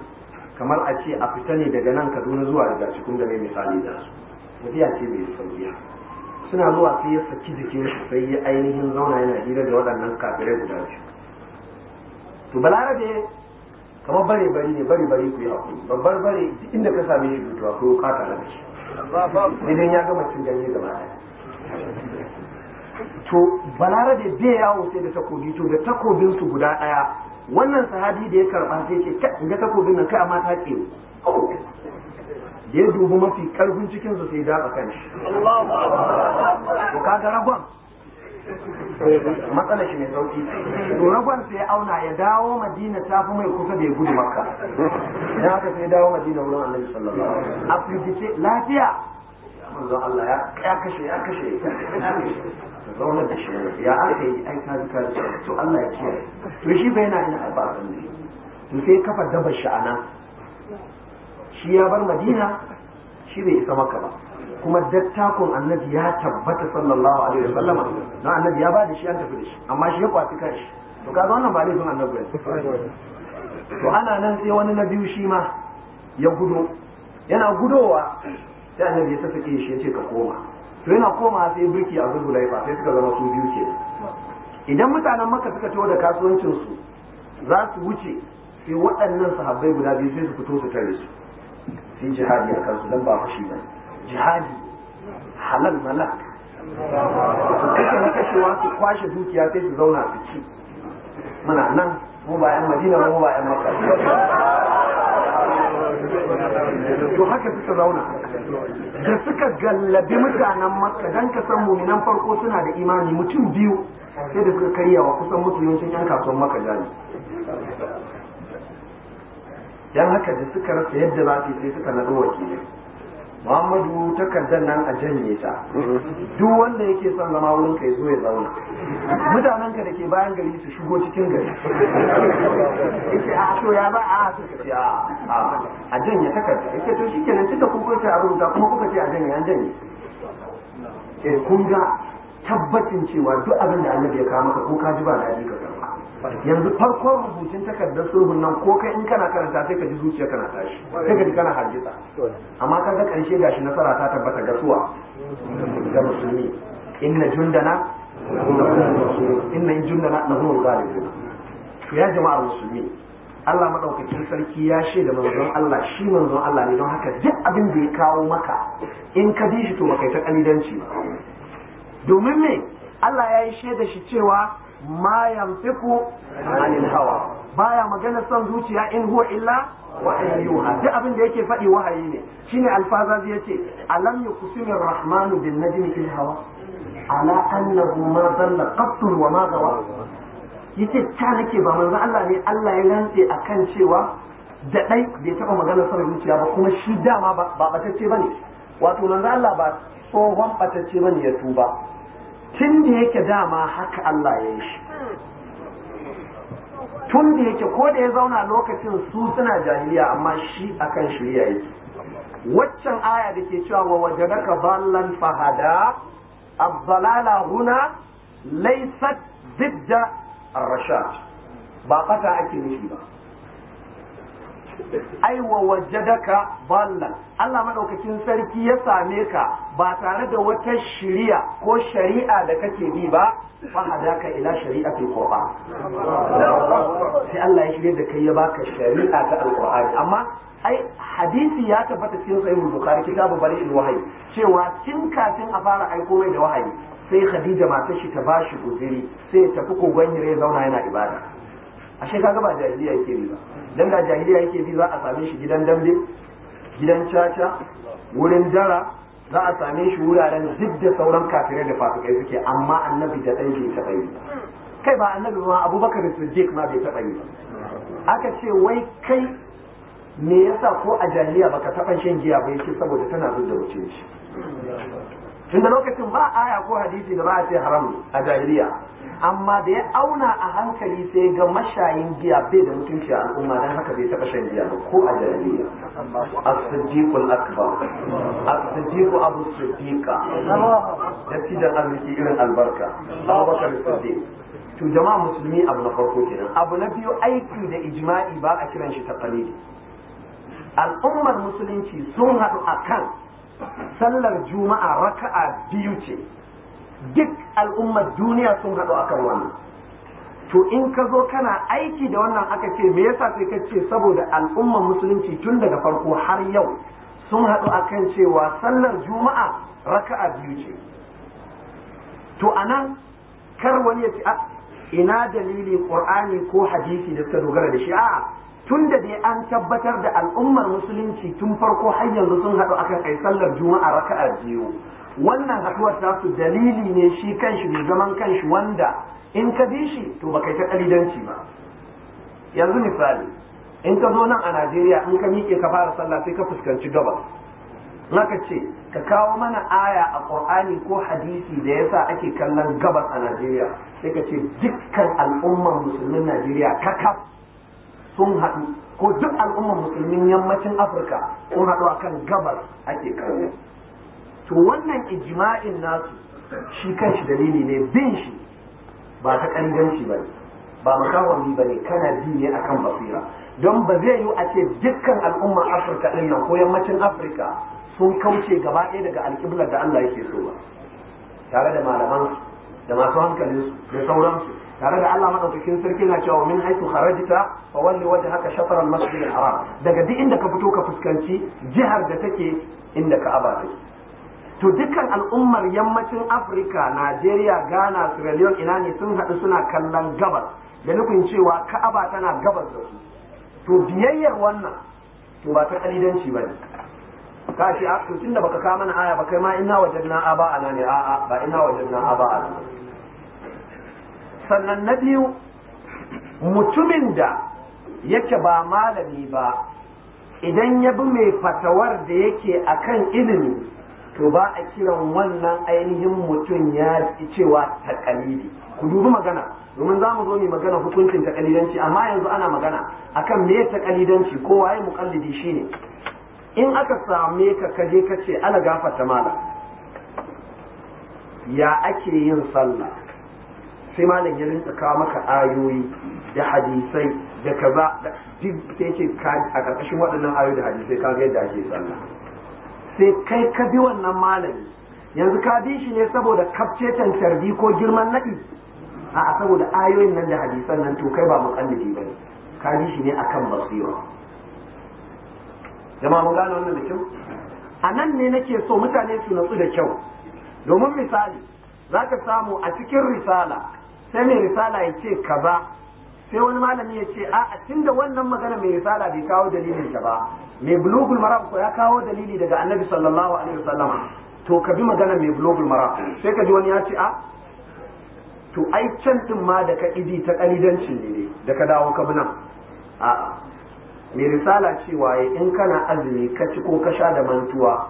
kamar a ce a fita ne daga nan kaduna zuwa daga cikin da mai misali da su tafiya ce mai sauriya suna zuwa sai ya saki jikin shi sai ya ainihin zauna yana hira da waɗannan kafirai guda biyu to balarabe kamar bare bari ne bare bari ku yi hakuri babbar bare inda ka same shi to akwai kata da shi idan ya gama cin ganye gaba ɗaya to da bai yawo sai da takobi to da takobin su guda daya wannan sahabi da ya karba sai ce ka ga takobin nan kai amma ta tsewo da ya dubi mafi karfin cikin su sai daba kan shi to ga ragon matsala shi mai sauki to ragon sai auna ya dawo madina ta fi mai kusa da ya gudu makka Ya haka sai dawo madina wurin annabi sallallahu alaihi wasallam a fice lafiya manzon Allah ya kashe ya kashe zaunar da shi ya aka yi ai ka zika da to Allah ya kiyaye to shi bai yana yin ba abin ne to sai kafa dabar shi anan shi ya bar Madina shi bai isa maka ba kuma dattakun annabi ya tabbata sallallahu alaihi wasallama don annabi ya ba da shi an tafi da shi amma shi ya kwafi kanshi to kaga wannan ba laifin annabi ne to ana nan sai wani na biyu shi ma ya gudo yana gudowa sai annabi ya sake shi ya ce ka koma to yana koma sai birki a zubu laifa sai suka zama su biyu ke idan mutanen maka suka taho da kasuwancinsu za su wuce sai waɗannan sahabbai guda biyu sai su fito su tare su sai jihadi a kansu don ba fushi ba jihadi halal malak su kashe na kashewa su kwashe dukiya sai su zauna su ci muna nan mu ba 'yan madina mu ba 'yan to haka suka zauna da suka gallabi mutanen makka dan ka san muminan farko suna da imani mutum biyu sai da suka karyawa kusan musulmancin yan kasuwan maka jami dan haka da suka rasa yadda za su sai suka naɗo wakilai Muhammadu takardar nan a janye ta duk wanda yake son zama wurin ka zo ya zauna mutanen ka da ke bayan gari su shigo cikin gari yake ah, a so ya ba a so ce a ah, ah, a janye takardar yake to shikenan cika kun koyi a rubuta kuma kuka ce a janye an janye eh kun ga tabbacin cewa duk abin da Allah ya kawo maka ko ka ji ba daɗi ka karba yanzu farkon rubutun takardar sulhun nan ko kai in kana karanta sai ka ji zuciya kana tashi sai ka ji kana hargitsa amma ga karshe gashi nasara ta tabbata ga suwa ga musulmi inna jundana inna jundana lahumul to ya jama'ar musulmi Allah madaukakin sarki ya shaida manzon Allah shi manzon Allah ne don haka duk abin da ya kawo maka in ka bi shi to makai ta kalidanci domin me Allah ya yi shaida shi cewa ma yamtiku anil hawa baya magana son zuciya in huwa illa wahayyuha duk abin da yake faɗi wahayi ne shine zai yace alam yakusim arrahman bin najmi fil hawa ala annahu ma dalla qattun wa ma gawa yace ta nake ba manzo Allah ne Allah ya rantse akan cewa da dai bai taba magana son zuciya ba kuma shi dama ba ba bane wato manzo Allah ba tsohon batacce bane ya tuba tun da yake dama haka Allah ya yi shi tun da yake ko da ya zauna lokacin su suna jahiliya amma shi akan shirya yake waccan aya da ke cewa wa wajadaka ballan fahada abdalala huna laysat zidda ar-rashad ba kasa ake nufi ba ai wa wajadaka ballan Allah madaukakin sarki ya same ka ba tare da wata shari'a ko shari'a da kake bi ba fa hadaka ila shari'ati qur'an sai Allah ya shirye da kai ya baka shari'a ta alqur'ani amma ai hadisi ya tabbata cikin sahih bukhari kitabun baril wahayi cewa tun kafin a fara aiko mai da wahayi sai khadija matar shi ta bashi guziri sai ta tafi kogon ya zauna yana ibada ashe kaga ba jahiliya yake bi ba dan ga jahiliya yake bi za a same shi gidan dambe gidan caca wurin jara, za a same shi wuraren duk da sauran kafirai da fasikai suke amma annabi da ɗan bai taba yi kai ba annabi ma abubakar siddiq ma bai taba yi aka ce wai kai me yasa ko a jahiliya baka taba shan giya ba yake saboda tana zuwa wuce shi tun da lokacin ba aya ko hadisi da ba a ce haram a jahiliya amma da ya auna a hankali sai ga mashayin giya bai da mutunci a al'umma don haka bai taɓa shan giya ko a jariya as-siddiqul akbar as-siddiq abu siddiqa da da arziki irin albarka abubakar siddiq to jama'a musulmi abu na farko kenan abu na biyu aiki da ijma'i ba a kiran shi taqalidi al'ummar musulunci sun haɗu akan sallar juma'a raka'a biyu ce duk al'ummar duniya sun haɗu akan wannan to in ka zo kana aiki da wannan aka ce me yasa sai ka ce saboda al'ummar musulunci tun daga farko har yau sun haɗu akan cewa sallar juma'a raka'a biyu ce to anan kar wani ya ce ina dalili ƙur'ani ko hadisi da suka dogara da shi a tun da dai an tabbatar da al'ummar musulunci tun farko har yanzu sun haɗu akan kai sallar juma'a raka'a biyu wannan haɗuwar su dalili ne shi kanshi mai zaman kanshi wanda in ka bi shi to baka ta ƙalidanci ba yanzu misali in ka zo nan a najeriya in ka miƙe ka fara sallah sai ka fuskanci gabas naka ce ka kawo mana aya a ƙur'ani ko hadisi da yasa ake kallon gabas a najeriya sai ka ce dukkan al'ummar musulmin najeriya kaf. sun haɗu ko duk al'ummar musulmin yammacin afirka sun haɗu akan gabar ake karni. to wannan ijma'in nasu shi kan shi dalili ne bin shi ba ta shi ba ne. ba makawami ba ne kana ji ne a kan basira don ba zai yiwu a ce dukkan al'ummar afirka ɗin nan ko yammacin afirka sun kauce gaba ɗaya daga alƙiblar da allah yake so ba tare da malaman da masu hankalinsu da sauransu tare da Allah madaukakin sarki na cewa min haitu kharajta fa walli wajhaka shatr al-masjid al-haram daga duk inda ka fito ka fuskanci jihar da take inda Ka'aba take to dukkan al'ummar yammacin Afrika, Najeriya Ghana Sierra Leone ina ne sun haɗu suna kallon gabas da nufin cewa Ka'aba tana gabas da su to biyayyar wannan to ba ta kalidanci bane ka ce a ah, to tunda baka ka mana aya ba kai ma inna wajadna aba ana ne a'a ba inna wajadna aba sannan na biyu mutumin da yake ba malami ba idan ya bi mai fatawar da yake akan ilimi to ba a kiran wannan ainihin mutum ya ci cewa takalidi ku dubi magana domin za mu zo mai magana hukuncin takalidanci amma yanzu ana magana akan me takalidanci ko waye mukallidi shine in aka same ka kaje ka ce ala gafata mala ya ake yin sallah sai malam ya rinka kawo maka ayoyi da hadisai da kaza da ce a karkashin waɗannan ayoyi da hadisai ka yadda ake tsalla. sai kai ka bi wannan malami yanzu ka bi shi ne saboda kafcetan tarbi ko girman naɗi a saboda ayoyin nan da hadisan nan to kai ba mukallidi bane ka bi shi ne akan basira jama'a mun gane wannan da kyau a nan ne nake so mutane su natsu da kyau domin misali za ka samu a cikin risala sai mai risala ya ce kaza sai wani malami ya ce a da wannan magana mai risala bai kawo dalilin ta ba mai bulugul maram ko ya kawo dalili daga annabi sallallahu alaihi wasallam to ka bi magana mai bulugul maram sai ka ji wani ya ce a to ai can din ma da ka idi ta kalidanci ne da ka dawo ka bi nan a'a mai risala cewa in kana azumi ka ci ko ka sha da mantuwa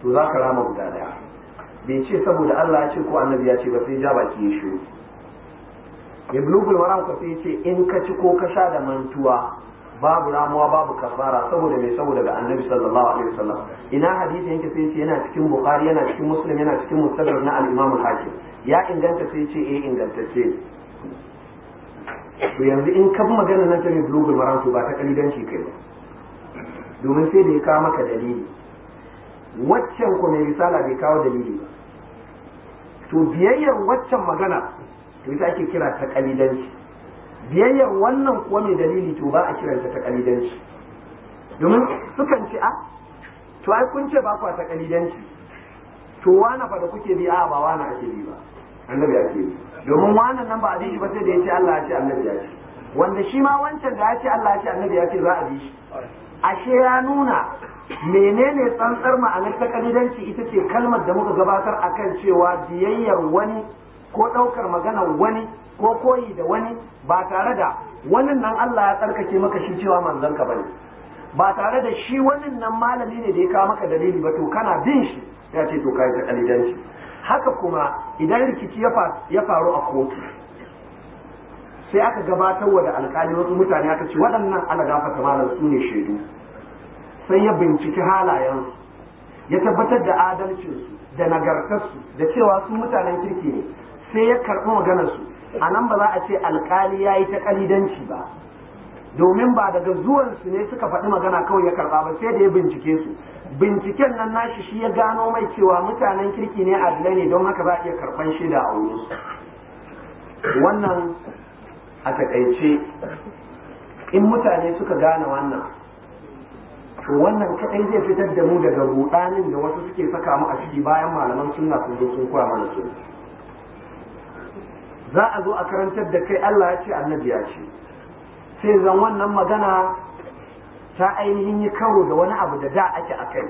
to za ka rama guda daya bai ce saboda Allah ya ce ko annabi ya ce ba sai ja baki ya shi ibnu gulmaran ku sai ce in ka ci ko ka sha da mantuwa babu ramuwa babu kafara saboda mai saboda ga annabi sallallahu alaihi wasallam ina hadisi yake sai ce yana cikin bukhari yana cikin muslim yana cikin mustadrak na al-imam al-hakim ya inganta sai ce eh ce to yanzu in ka magana nan ta mai bulugul maram to ba ta kalidanci kai ba domin sai da ya kawo maka dalili waccan ko mai risala bai kawo dalili ba to biyayyar waccan magana to ita ake kira ta kalidanci biyayyar wannan kuwa mai dalili to ba a kiranta ta kalidanci domin sukan ce a ah, to ai kun ce ba kwa ta kalidanci to wana fa da kuke bi a ah, ba wana ake bi ba annabi ya ce domin wannan nan ba a ba sai da ya ce Allah ya ce annabi ya ce wanda shi ma wancan da ya ce Allah ya ce annabi ya ce za a bi shi ashe ya nuna menene tsantsar ma'anar ta kalidanci ita ce kalmar da muka gabatar akan cewa biyayyar wani ko ɗaukar maganar wani ko koyi da wani ba tare da wannan nan Allah ya tsarkake maka shi cewa manzon ka bane ba tare da shi wannan nan malami ne da ya kawo maka dalili ba to kana bin shi ya ce to kai ta kalidanci haka kuma idan rikici ya faru a kotu sai aka gabatar wa da alkali wasu mutane aka ce waɗannan ana gafata malam su ne shaidu sai ya binciki halayen ya tabbatar da adalcinsu da nagartarsu da cewa su mutanen kirki ne sai ya karɓi maganarsu a nan ba za a ce alƙali ya yi ta ƙalidanci ba domin ba daga zuwansu ne suka faɗi magana kawai ya karɓa ba sai da ya bincike su binciken nan nashi shi ya gano mai cewa mutanen kirki ne a ne don haka za a iya karɓan shi da aure wannan a takaice in mutane suka gane wannan to wannan kaɗai zai fitar da mu daga rudanin da wasu suke saka mu a ciki bayan malaman sunna sun zo sun kura mana sunna za a zo a karantar da kai Allah ya ce annabi ya ce sai zan wannan magana ta ainihin yi karo da wani abu da da ake a kai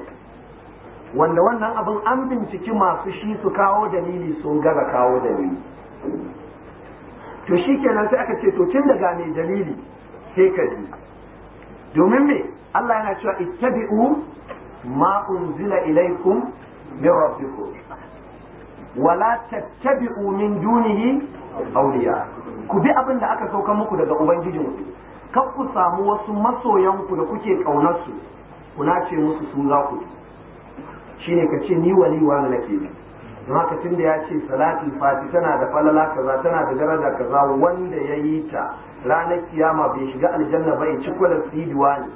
wanda wannan abin an binciki masu shi su kawo dalili sun gaza kawo dalili to shi kenan sai aka ce to tun daga mai dalili sai ka ji domin me Allah yana cewa ittabi'u ma unzila ilaikum min rabbikum wala tattabi'u min dunihi ku bi abin da aka sauka muku daga ubangijinku kar ku samu wasu masoyanku da kuke kaunarsu kuna ce musu su za ku shine ka ce ni wali wani nake bi don haka tunda ya ce salatul fati tana da falala kaza tana da daraja kaza wanda ya yi ta ranar kiyama bai shiga aljanna ba ci kwalar sidiwa ne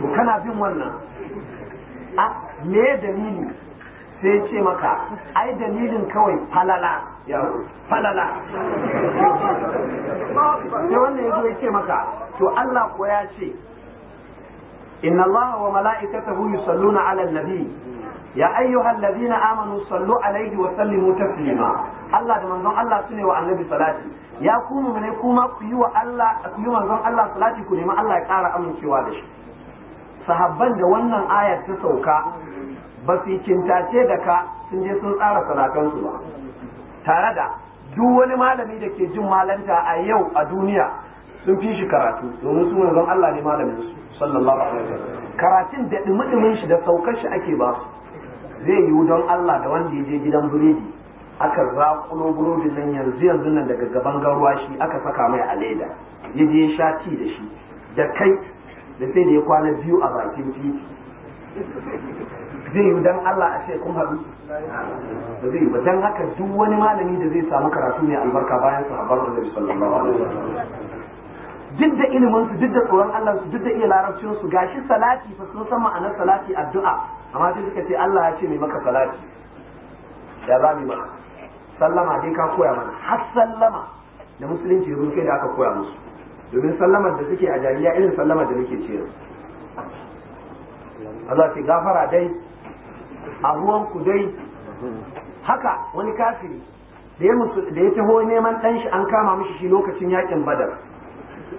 to kana bin wannan a me dalili sai ce maka ai dalilin kawai falala falala sai wannan yazo ya ce maka to Allah ko ya ce inna Allah wa mala'ikatahu yusalluna 'alan nabi ya ayyuhal ladina amanu sallu alaihi wa sallimu taslima Allah da manzon Allah sune wa annabi salati ya ku ne kuma ku yi wa Allah ku yi manzon Allah salati ku nemi Allah ya kara amincewa da shi sahabban da wannan ayar ta sauka ba su kintace da ka sun je sun tsara sanakansu ba tare da duk wani malami da ke jin malanta a yau a duniya sun fi shi karatu domin su manzon Allah ne malamin su sallallahu alaihi wasallam karatun da dumudumin shi da saukar shi ake ba su zai yiwu don Allah da wanda ya je gidan biredi aka zaƙulo burodi nan yanzu yanzu nan daga gaban garuwa shi aka saka mai a leda ya je sha ti da shi da kai da sai da ya kwana biyu a bakin titi zai yi dan Allah a shekun kun haɗu ba zai yi ba dan haka duk wani malami da zai samu karatu mai albarka bayan su sahabbar zai sallallahu alaihi wasallam duk da ilimin su duk da tsoron Allah su duk da iya larabcin su gashi salati fa sun san ma'anar salati addu'a amma sai suka ce Allah ya ce mai maka salati ya za mu maka sallama dai ka koya mana har sallama da musulunci ya da aka koya musu domin sallamar da suke a jami'a irin sallamar da muke ce Allah ce gafara dai a ruwan ku dai haka wani kafiri da ya taho neman ɗan shi an kama mishi shi lokacin yakin badar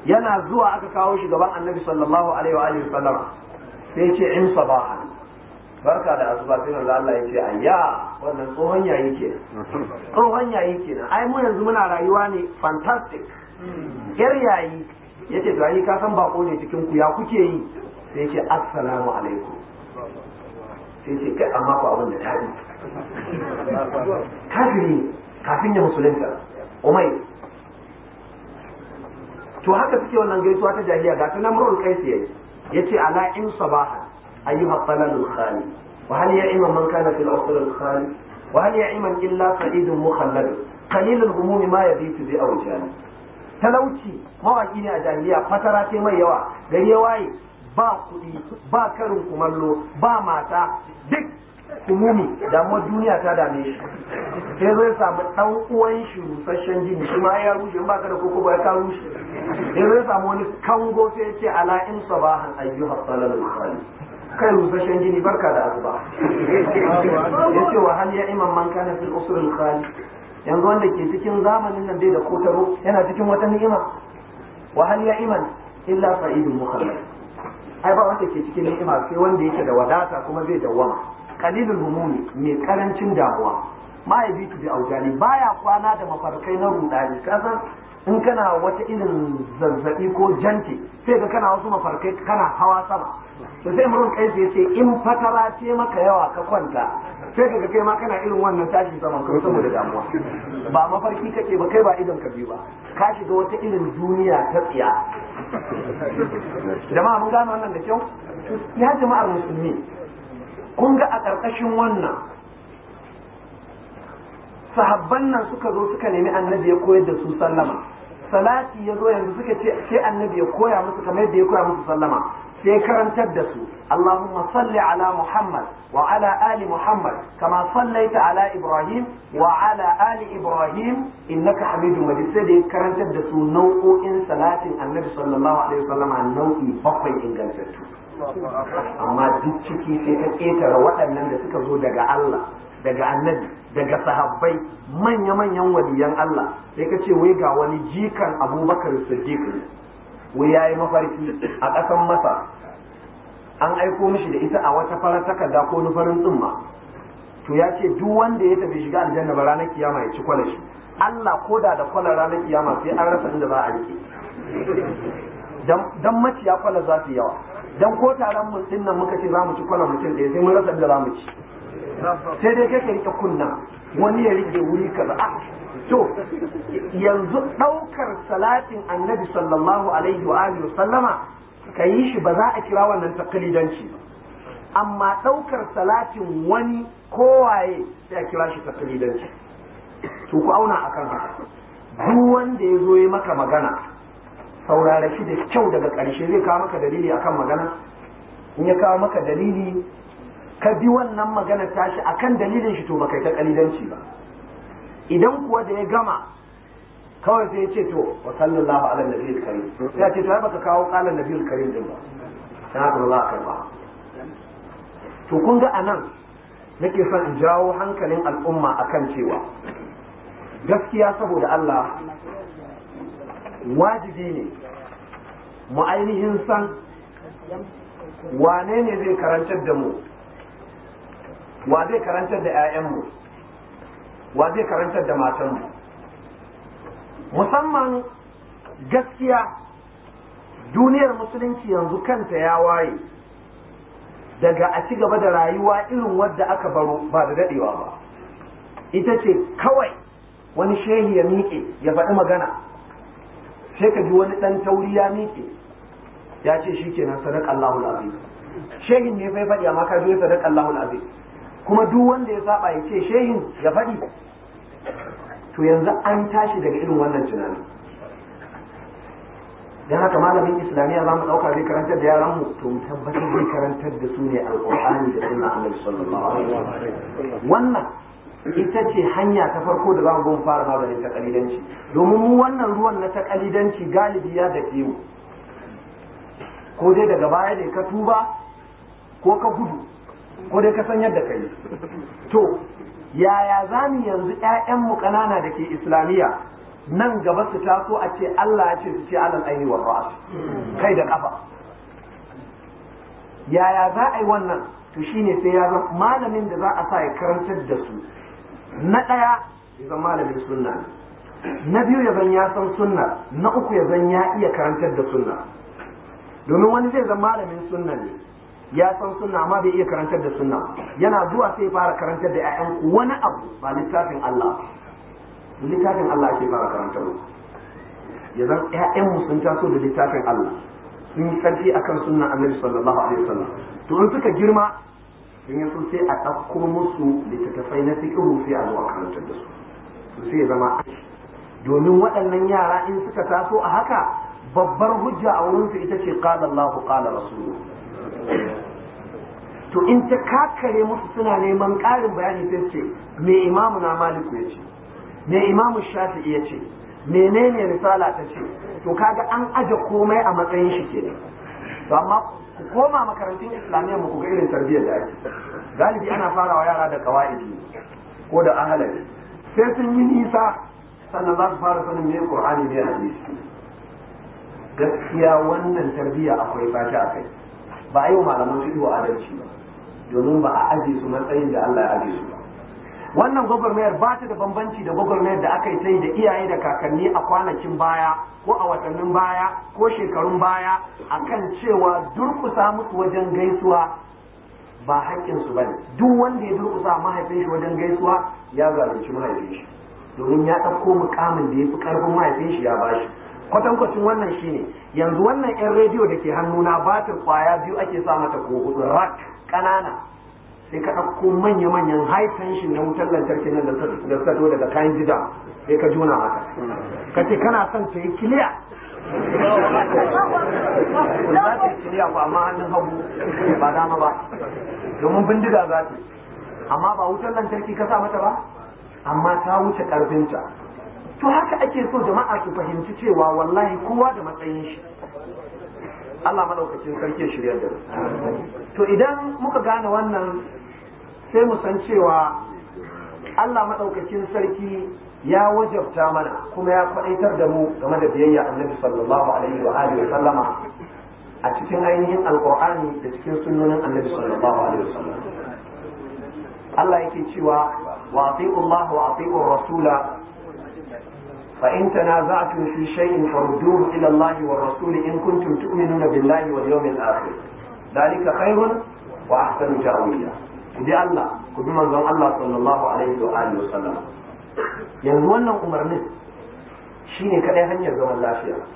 yana zuwa aka kawo shi gaban annabi sallallahu alaihi wa alihi sallama sai ce in sabaha barka da azuba sai manzo Allah yace ayya wannan tsohon yayi ke tsohon yayi ke ai mu yanzu muna rayuwa ne fantastic yar yayi yace to ai ka san bako ne cikin ku ya kuke yi sai ce assalamu alaikum sai kafiri kafin ya musulunta umai to haka suke wannan gaisuwa ta jahiliya ga ta murul kaisi yayi yace ala in sabaha ayyuha talalul khali wa hal ya'ima man kana fil asr al khali wa hal iman illa qadidun mukhallad qalil al humum ma yabitu bi awjani talauci mawaki ne a jahiliya fatara sai mai yawa gari ya waye ba kuɗi ba karin kumallo ba mata duk da damuwar duniya ta dame shi sai zai samu ɗan uwan shi rusasshen jini shi ma ya rushe ba ka da koko ba ka rushe sai zai samu wani kango sai ce ala in sabahan ayyuha sallallahu alaihi kai musashen jini barka da azuba ya ce wa hal ya imam man kana fil usr al khali yanzu wanda ke cikin zamanin nan bai da kotaro yana cikin wata ni'ima wa hal ya iman illa fa'idul mukhallad ai ba wanda ke cikin ni'ima sai wanda yake da wadata kuma zai dawwama qalilul humumi mai karancin damuwa ma ya bitu bi aujani baya kwana da mafarkai na rudani kasan in kana wata irin zazzabi ko janti sai ga kana wasu mafarkai kana hawa sama to sai murin kai sai in fatara ce maka yawa ka kwanta sai daga kai ma kana irin wannan tashin saman kai saboda damuwa ba mafarki kake ba kai ba idan ka biyu ba ka shiga wata irin duniya ta tsiya jama'a mun gano wannan da kyau ya jama'ar musulmi kun ga a ƙarƙashin wannan sahabban nan suka zo suka nemi annabi ya koyar da su sallama salati ya zo yanzu suka ce sai annabi ya koya musu kamar yadda ya koya musu sallama sai karantar da su اللهم صل على محمد وعلى آل محمد كما صليت على إبراهيم وعلى آل إبراهيم إنك حميد مجيد سيدي كرنت دسو نوء إن صلاة النبي صلى الله عليه وسلم عن نوء بقي إن جلسته amma duk ciki sai ka ƙetare waɗannan da suka zo daga Allah daga annabi daga sahabbai manya-manyan waliyan Allah sai ka ce wai ga wani jikan abubakar siddiq wai ya yi mafarki a ƙasan masa an aiko mishi da ita a wata farar takarda ko na farin tsumma to ya ce duk wanda ya tafi shiga aljanna ba ranar kiyama ya ci kwalashi Allah ko da da kwalar ranar kiyama sai an rasa inda za a rike dan maciya kwalar za su yawa dan ko taron mutum nan muka ce za mu ci kwalar mutum da sai mun rasa inda za mu ci sai dai kake rike kunna wani ya rike wuri kaza ah, to yanzu daukar salatin annabi sallallahu alaihi wa alihi wa sallama ka yi shi ba za a kira wannan takalidanci ba amma ɗaukar salatin wani kowaye sai a kira shi takalidanci to ku auna akan haka duk wanda ya zo ya maka magana saurara shi da kyau daga ƙarshe zai kawo maka dalili akan magana in ya kawo maka dalili ka bi wannan magana tashi akan dalilin shi to baka ta kalidanci ba idan kuwa da ya gama kawai sai ya ce to wa sallallahu ala nabiyil karim sai ya ce to ai baka kawo qala nabiyil karim din ba dan haka ba kai ba to kun ga anan nake son in jawo hankalin al'umma akan cewa gaskiya saboda Allah wajibi ne mu ainihin san wane ne zai karantar da mu wa zai karantar da 'ya'yanmu wa zai karantar da matanmu musamman gaskiya duniyar musulunci yanzu kanta ya waye daga a ci gaba da rayuwa irin wadda aka baro ba da daɗewa ba ita ce kawai wani shehi ya miƙe ya faɗi magana sai ka ji wani ɗan tauri ya miƙe ya ce shi ke nan sadaƙa Allahul azim shehin ne fai faɗi amma ka ji sadaƙa Allahul azim kuma duk wanda ya saba ya ce shehin ya faɗi to yanzu an tashi daga irin wannan tunanin dan haka malamin islamiyya za mu ɗauka zai karantar da yaran mu to mu tabbatar zai karantar da su ne alƙur'ani da sunna annabi sallallahu alaihi wasallam wannan ita ce hanya ta farko da za mu gon fara maganin ta kalidanci domin mu wannan ruwan na ta kalidanci galibi ya da mu ko dai daga baya dai ka tuba ko ka gudu ko dai ka san yadda ka to yaya za mu yanzu ƴaƴanmu ƙanana da ke islamiyya nan gaba su taso a ce Allah ya ce su ce alal aini wa ra'as kai da kafa yaya za a yi wannan to shine sai ya zama malamin da za a sa ya karantar da su na ɗaya ya zama malamin sunna na biyu ya zan ya san sunna na uku ya zan ya iya karantar da sunna domin wani zai zama malamin sunna ne ya san sunna amma bai iya karantar da sunna yana zuwa sai fara karantar da ƴaƴan wani abu ba littafin Allah littafin Allah ake fara karantar ya zan ƴaƴan mu sun taso da littafin Allah sun yi sarki akan sunna Annabi sallallahu alaihi wasallam to in suka girma sun yi sai a ɗauko musu littattafai na fiqhu sai a zuwa karantar da su to sai ya zama domin waɗannan yara in suka taso a haka babbar hujja a wurinsu ita ce qala Allahu qala rasuluhu to in ta kakare musu suna neman ƙarin bayani sai ce me imamu na maliku ya ce me imamu shafi'i ya ce menene risala ta ce to kaga an aje komai a matsayin shi ke to amma ku koma makarantun islamiyya mu ku ga irin tarbiyyar da ake galibi ana farawa yara da kawaidi ko da ahalari sai sun yi nisa sannan za su fara sanin me qur'ani ne hadisi gaskiya wannan tarbiyya akwai fata a kai ba a yi wa malaman fiqh adalci ba domin ba a aje su matsayin da Allah ya aje su ba wannan gwagwarmayar ba ta da bambanci da gwagwarmayar da aka yi ta da iyaye da kakanni a kwanakin baya ko a watannin baya ko shekarun baya akan cewa durkusa musu wajen gaisuwa ba haƙƙinsu ba ne duk wanda ya durkusa mahaifin shi wajen gaisuwa ya zalunci mahaifin shi domin ya ɗauko mukamin da ya fi ƙarfin mahaifin shi ya bashi kwatankwacin wannan shi ne, yanzu wannan yan rediyo da ke hannuna batir kwaya biyu ake sa mata ko hudu rak kanana sai ka ɗauko manya-manyan high tension na wutar lantarki nan da suka daga kayan gida sai ka juna haka ka ce kana son ta yi kiliya za ta yi kiliya ba amma hannun hagu ba dama ba domin bindiga za ta amma ba wutar lantarki ka sa mata ba amma ta wuce ƙarfinta to haka ake so jama'a ki fahimci cewa wallahi kowa da matsayin shi Allah madaukakin sarki shirya da to idan muka gane wannan sai mu san cewa Allah madaukakin sarki ya wajabta mana kuma ya faɗaitar da mu game da biyayya annabi sallallahu alaihi wa alihi wa sallama a cikin ainihin alqur'ani da cikin sunnonin annabi sallallahu alaihi wa sallam Allah yake cewa wa ati'u Allah wa ati'u rasula فإن تنازعتم في شيء فردوه إلى الله والرسول إن كنتم تؤمنون بالله واليوم الآخر ذلك خير وأحسن تأويلا إذا الله كل من الله صلى الله عليه وآله وسلم yanzu wannan umarnin shine kadai hanyar zaman lafiya